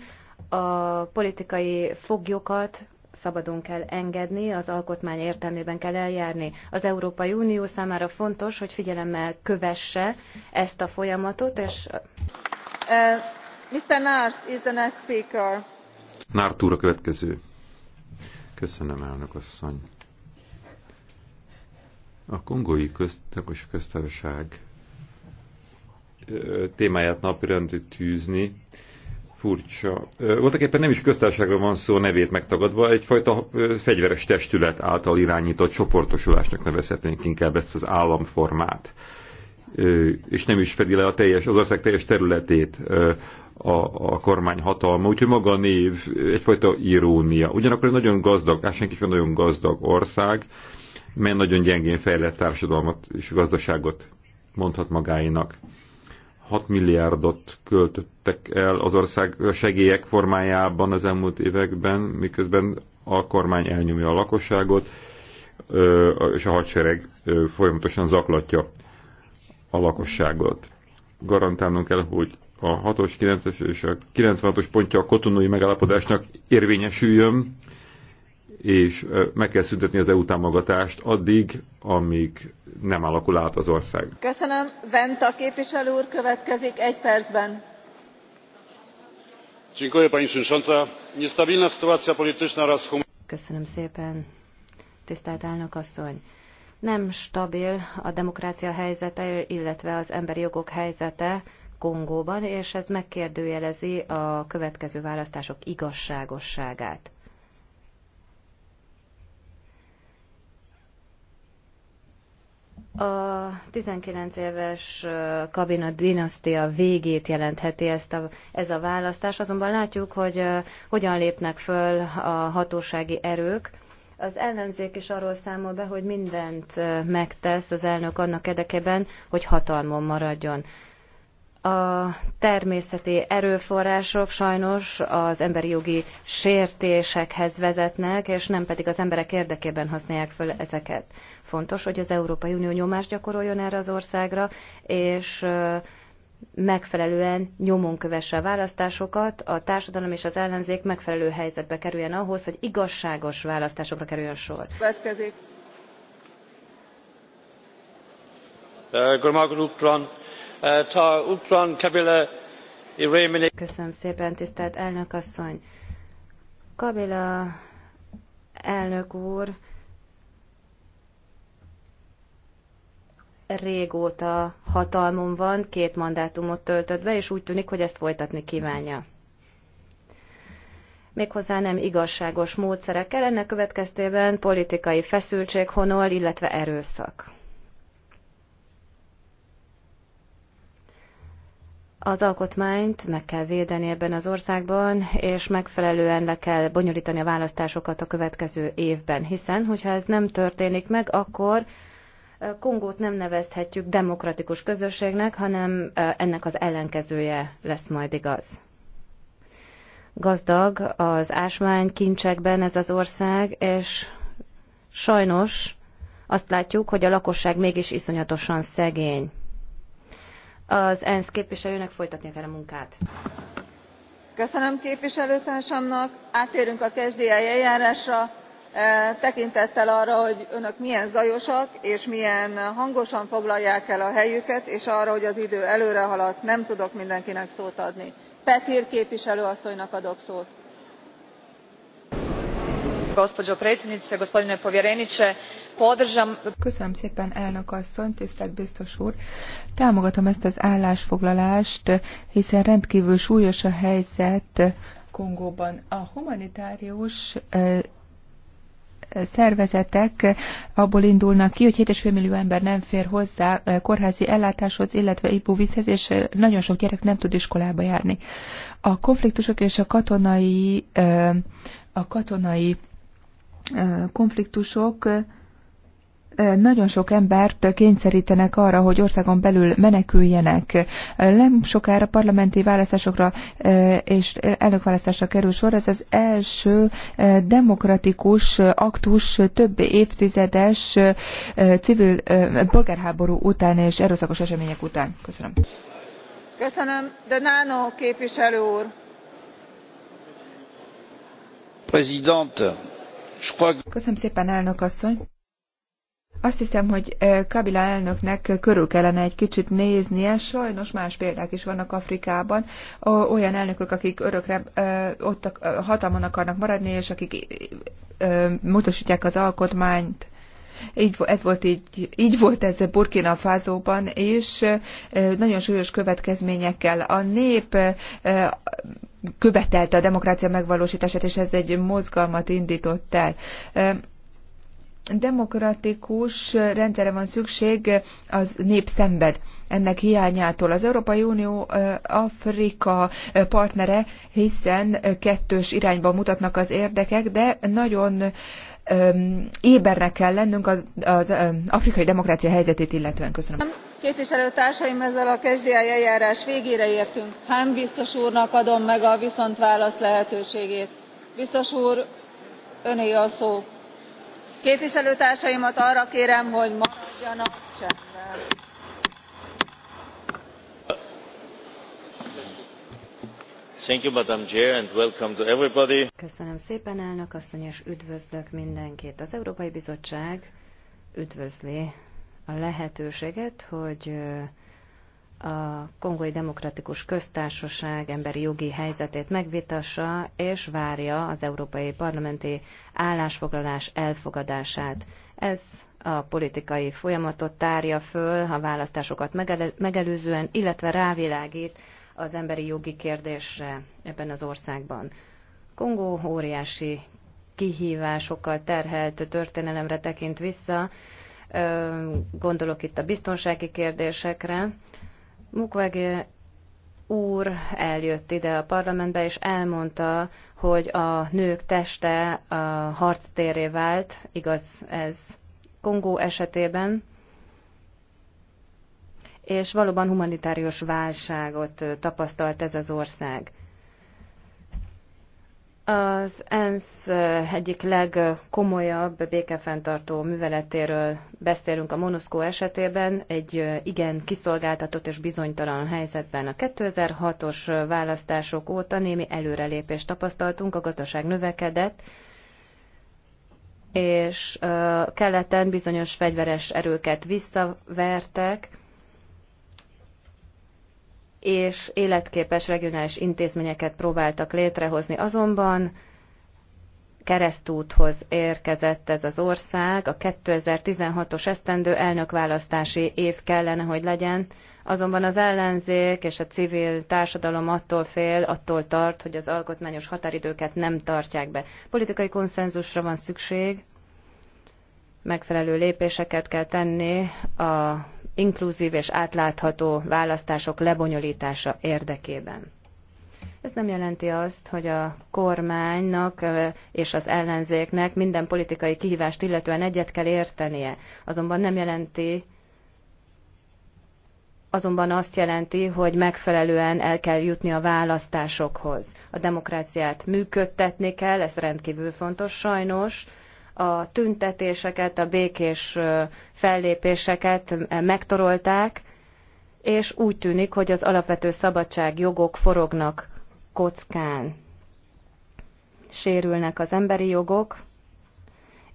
A politikai foglyokat szabadon kell engedni, az alkotmány értelmében kell eljárni. Az Európai Unió számára fontos, hogy figyelemmel kövesse ezt a folyamatot, és... Uh, Mr. Nart is the next speaker. Nárt úr a következő. Köszönöm, elnök asszony. A kongói köztakos köztársaság témáját napirendre tűzni furcsa. Voltak éppen nem is köztársaságról van szó nevét megtagadva, egyfajta fegyveres testület által irányított csoportosulásnak nevezhetnénk inkább ezt az államformát. És nem is fedi le a teljes, az ország teljes területét a, a kormány hatalma, úgyhogy maga a név egyfajta irónia. Ugyanakkor egy nagyon gazdag, hát senki is nagyon gazdag ország, mely nagyon gyengén fejlett társadalmat és gazdaságot mondhat magáinak. 6 milliárdot költöttek el az ország segélyek formájában az elmúlt években, miközben a kormány elnyomja a lakosságot, és a hadsereg folyamatosan zaklatja a lakosságot. Garantálnunk kell, hogy a 6-os, 9-es és a 96-os pontja a kotonói megállapodásnak érvényesüljön, és meg kell szüntetni az EU támogatást addig, amíg nem alakul át az ország. Köszönöm. Venta képviselő úr következik egy percben. Köszönöm szépen, tisztelt elnök asszony. Nem stabil a demokrácia helyzete, illetve az emberi jogok helyzete Kongóban, és ez megkérdőjelezi a következő választások igazságosságát A 19 éves kabina dinasztia végét jelentheti ezt a, ez a választás, azonban látjuk, hogy hogyan lépnek föl a hatósági erők. Az ellenzék is arról számol be, hogy mindent megtesz az elnök annak érdekében, hogy hatalmon maradjon a természeti erőforrások sajnos az emberi jogi sértésekhez vezetnek, és nem pedig az emberek érdekében használják föl ezeket. Fontos, hogy az Európai Unió nyomást gyakoroljon erre az országra, és megfelelően nyomon kövesse a választásokat, a társadalom és az ellenzék megfelelő helyzetbe kerüljen ahhoz, hogy igazságos választásokra kerüljön sor. Következik. Uh, Uh, Köszönöm szépen, tisztelt elnök asszony. Kabila elnök úr régóta hatalmon van, két mandátumot töltött be, és úgy tűnik, hogy ezt folytatni kvánja Méghozzá nem igazságos módszerekkel, ennek következtében politikai feszültség, honol, illetve erőszak. Az alkotmányt meg kell védeni ebben az országban, és megfelelően le kell bonyolítani a választásokat a következő évben, hiszen, hogyha ez nem történik meg, akkor Kongót nem nevezhetjük demokratikus közösségnek, hanem ennek az ellenkezője lesz majd igaz. Gazdag az ásvány kincsekben ez az ország, és sajnos azt látjuk, hogy a lakosság mégis iszonyatosan szegény az ENSZ képviselőnek folytatnia kell a munkát. Köszönöm képviselőtársamnak. Átérünk a kezdélyi eljárásra e, tekintettel arra hogy önök milyen zajosak és milyen hangosan foglalják el a helyüket és arra hogy az idő előre haladt nem tudok mindenkinek szót adni. Petír képviselő asszonynak adok szót. Gospodzsó predsjednice gospodine povjereniče Köszönöm szépen, elnök asszony, tisztelt biztos úr. Támogatom ezt az állásfoglalást, hiszen rendkvül súlyos a helyzet Kongóban. A humanitárius szervezetek abból indulnak ki, hogy 7,5 millió ember nem fér hozzá kórházi ellátáshoz, illetve ipóvízhez, és nagyon sok gyerek nem tud iskolába járni. A konfliktusok és a katonai, a katonai konfliktusok nagyon sok embert kényszerítenek arra, hogy országon belül meneküljenek. Nem sokára parlamenti választásokra e, és elnökválasztásra kerül sor. Ez az első e, demokratikus aktus több évtizedes e, civil polgárháború után és erőszakos események után. Köszönöm. Köszönöm. De Nano képviselő úr. Presidente. Köszönöm szépen, elnök asszony azt hiszem, hogy Kabila elnöknek körül kellene egy kicsit néznie. Sajnos más példák is vannak Afrikában. Olyan elnökök, akik örökre ott hatalmon akarnak maradni, és akik mutasítják az alkotmányt. Így, ez volt így, így volt ez Burkina Fázóban, és nagyon súlyos következményekkel. A nép követelte a demokrácia megvalósítását, és ez egy mozgalmat indított el demokratikus rendszerre van szükség, az nép szenved ennek hiányától. Az Európai Unió Afrika partnere, hiszen kettős irányba mutatnak az érdekek, de nagyon ébernek kell lennünk az, az afrikai demokrácia helyzetét illetően. Köszönöm. Képviselőtársaim, ezzel a kezdi eljárás végére értünk. Hán biztos úrnak adom meg a viszontválasz lehetőségét. Biztos úr, öné a szó képviselőtársaimat arra kérem hogy maradjanak csendben. Köszönöm szépen, elnök asszony, és üdvözlök mindenkit. Az Európai Bizottság üdvözli a lehetőséget, hogy a Kongói Demokratikus Köztársaság emberi jogi helyzetét megvitassa, és várja az európai parlamenti állásfoglalás elfogadását. Ez a politikai folyamatot tárja föl a választásokat megelőzően, illetve rávilágít az emberi jogi kérdésre ebben az országban. Kongó óriási kihívásokkal terhelt történelemre tekint vissza, gondolok itt a biztonsági kérdésekre, Mukwege úr eljött ide a parlamentbe, és elmondta, hogy a nők teste a harctéré vált, igaz ez Kongó esetében, és valóban humanitárius válságot tapasztalt ez az ország. Az ENSZ egyik legkomolyabb békefenntartó műveletéről beszélünk a Monoszkó esetében, egy igen kiszolgáltatott és bizonytalan helyzetben. A 2006-os választások óta némi előrelépést tapasztaltunk, a gazdaság növekedett, és keleten bizonyos fegyveres erőket visszavertek, és életképes regionális intézményeket próbáltak létrehozni. Azonban keresztúthoz érkezett ez az ország. A 2016-os esztendő elnökválasztási év kellene, hogy legyen, azonban az ellenzék és a civil társadalom attól fél, attól tart, hogy az alkotmányos határidőket nem tartják be. Politikai konszenzusra van szükség, megfelelő lépéseket kell tenni a inkluzív és átlátható választások lebonyolítása érdekében. Ez nem jelenti azt, hogy a kormánynak és az ellenzéknek minden politikai kihívást illetően egyet kell értenie. Azonban nem jelenti, azonban azt jelenti, hogy megfelelően el kell jutni a választásokhoz. A demokráciát működtetni kell, ez rendkívül fontos sajnos a tüntetéseket, a békés fellépéseket e, megtorolták, és úgy tűnik, hogy az alapvető szabadságjogok forognak kockán. Sérülnek az emberi jogok,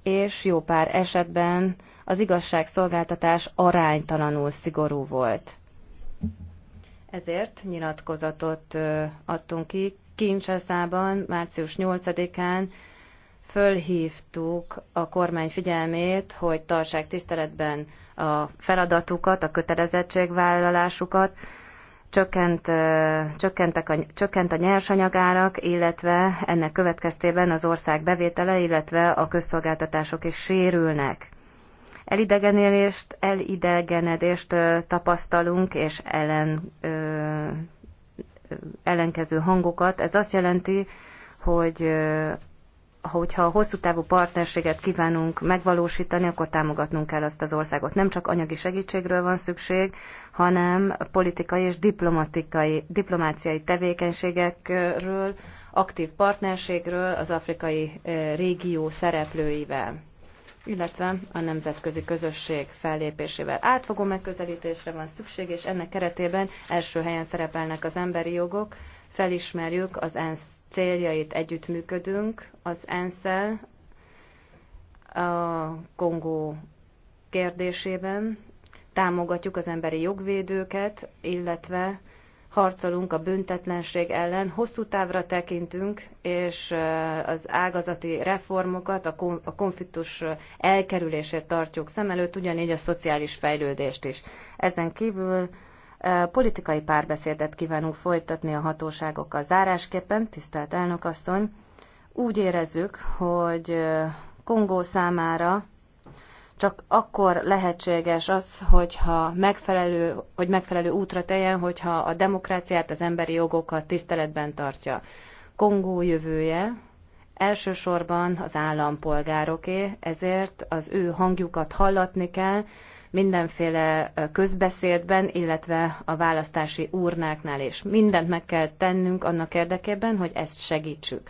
és jó pár esetben az igazságszolgáltatás aránytalanul szigorú volt. Ezért nyilatkozatot adtunk ki Kincseszában március 8-án fölhívtuk a kormány figyelmét, hogy tartsák tiszteletben a feladatukat, a kötelezettségvállalásukat, csökkent, csökkentek a, csökkent a nyersanyagárak, illetve ennek következtében az ország bevétele, illetve a közszolgáltatások is sérülnek. Elidegenedést, elidegenedést tapasztalunk, és ellen, ö, ellenkező hangokat. Ez azt jelenti, hogy hogyha hosszú távú partnerséget kívánunk megvalósítani, akkor támogatnunk kell azt az országot. Nem csak anyagi segítségről van szükség, hanem politikai és diplomatikai, diplomáciai tevékenységekről, aktív partnerségről az afrikai eh, régió szereplőivel illetve a nemzetközi közösség fellépésével. Átfogó megközelítésre van szükség, és ennek keretében első helyen szerepelnek az emberi jogok, felismerjük az ENSZ céljait együttműködünk az ensz a Kongó kérdésében, támogatjuk az emberi jogvédőket, illetve harcolunk a büntetlenség ellen, hosszú távra tekintünk, és az ágazati reformokat, a konfliktus elkerülését tartjuk szem előtt, ugyanígy a szociális fejlődést is. Ezen kívül Politikai párbeszédet kívánunk folytatni a hatóságokkal zárásképpen, tisztelt elnökasszony. Úgy érezzük, hogy Kongó számára csak akkor lehetséges az, hogyha megfelelő, hogy megfelelő útra teljen, hogyha a demokráciát, az emberi jogokat tiszteletben tartja. Kongó jövője elsősorban az állampolgároké, ezért az ő hangjukat hallatni kell, mindenféle közbeszédben, illetve a választási urnáknál is. Mindent meg kell tennünk annak érdekében, hogy ezt segítsük.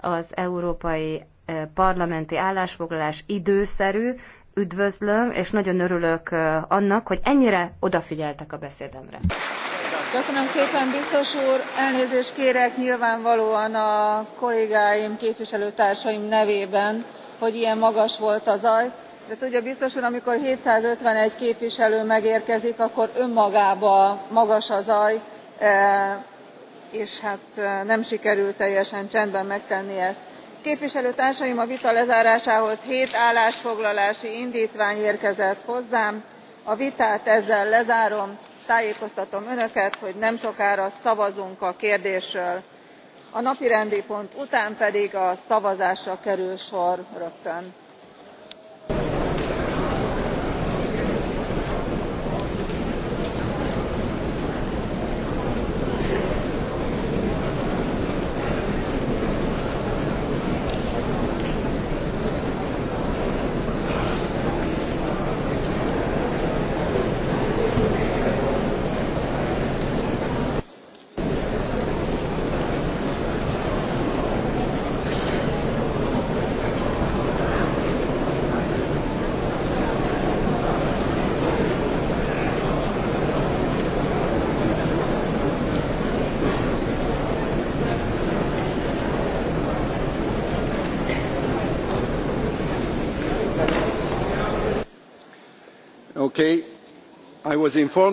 Az európai parlamenti állásfoglalás időszerű, üdvözlöm, és nagyon örülök annak, hogy ennyire odafigyeltek a beszédemre. Köszönöm szépen, biztos úr! Elnézést kérek nyilvánvalóan a kollégáim, képviselőtársaim nevében, hogy ilyen magas volt a zaj de tudja biztos úr amikor seven hundred and fifty one képviselő megérkezik akkor önmagában magas a zaj e, és hát e, nem sikerül teljesen csendben megtenni ezt. képviselőtársaim a vita lezárásához seven állásfoglalási indtvány érkezett hozzám a vitát ezzel lezárom tájékoztatom önöket hogy nemsokára szavazunk a kérdésről a napirendi pont után pedig a szavazásra kerül sor rögtön. today i was informed that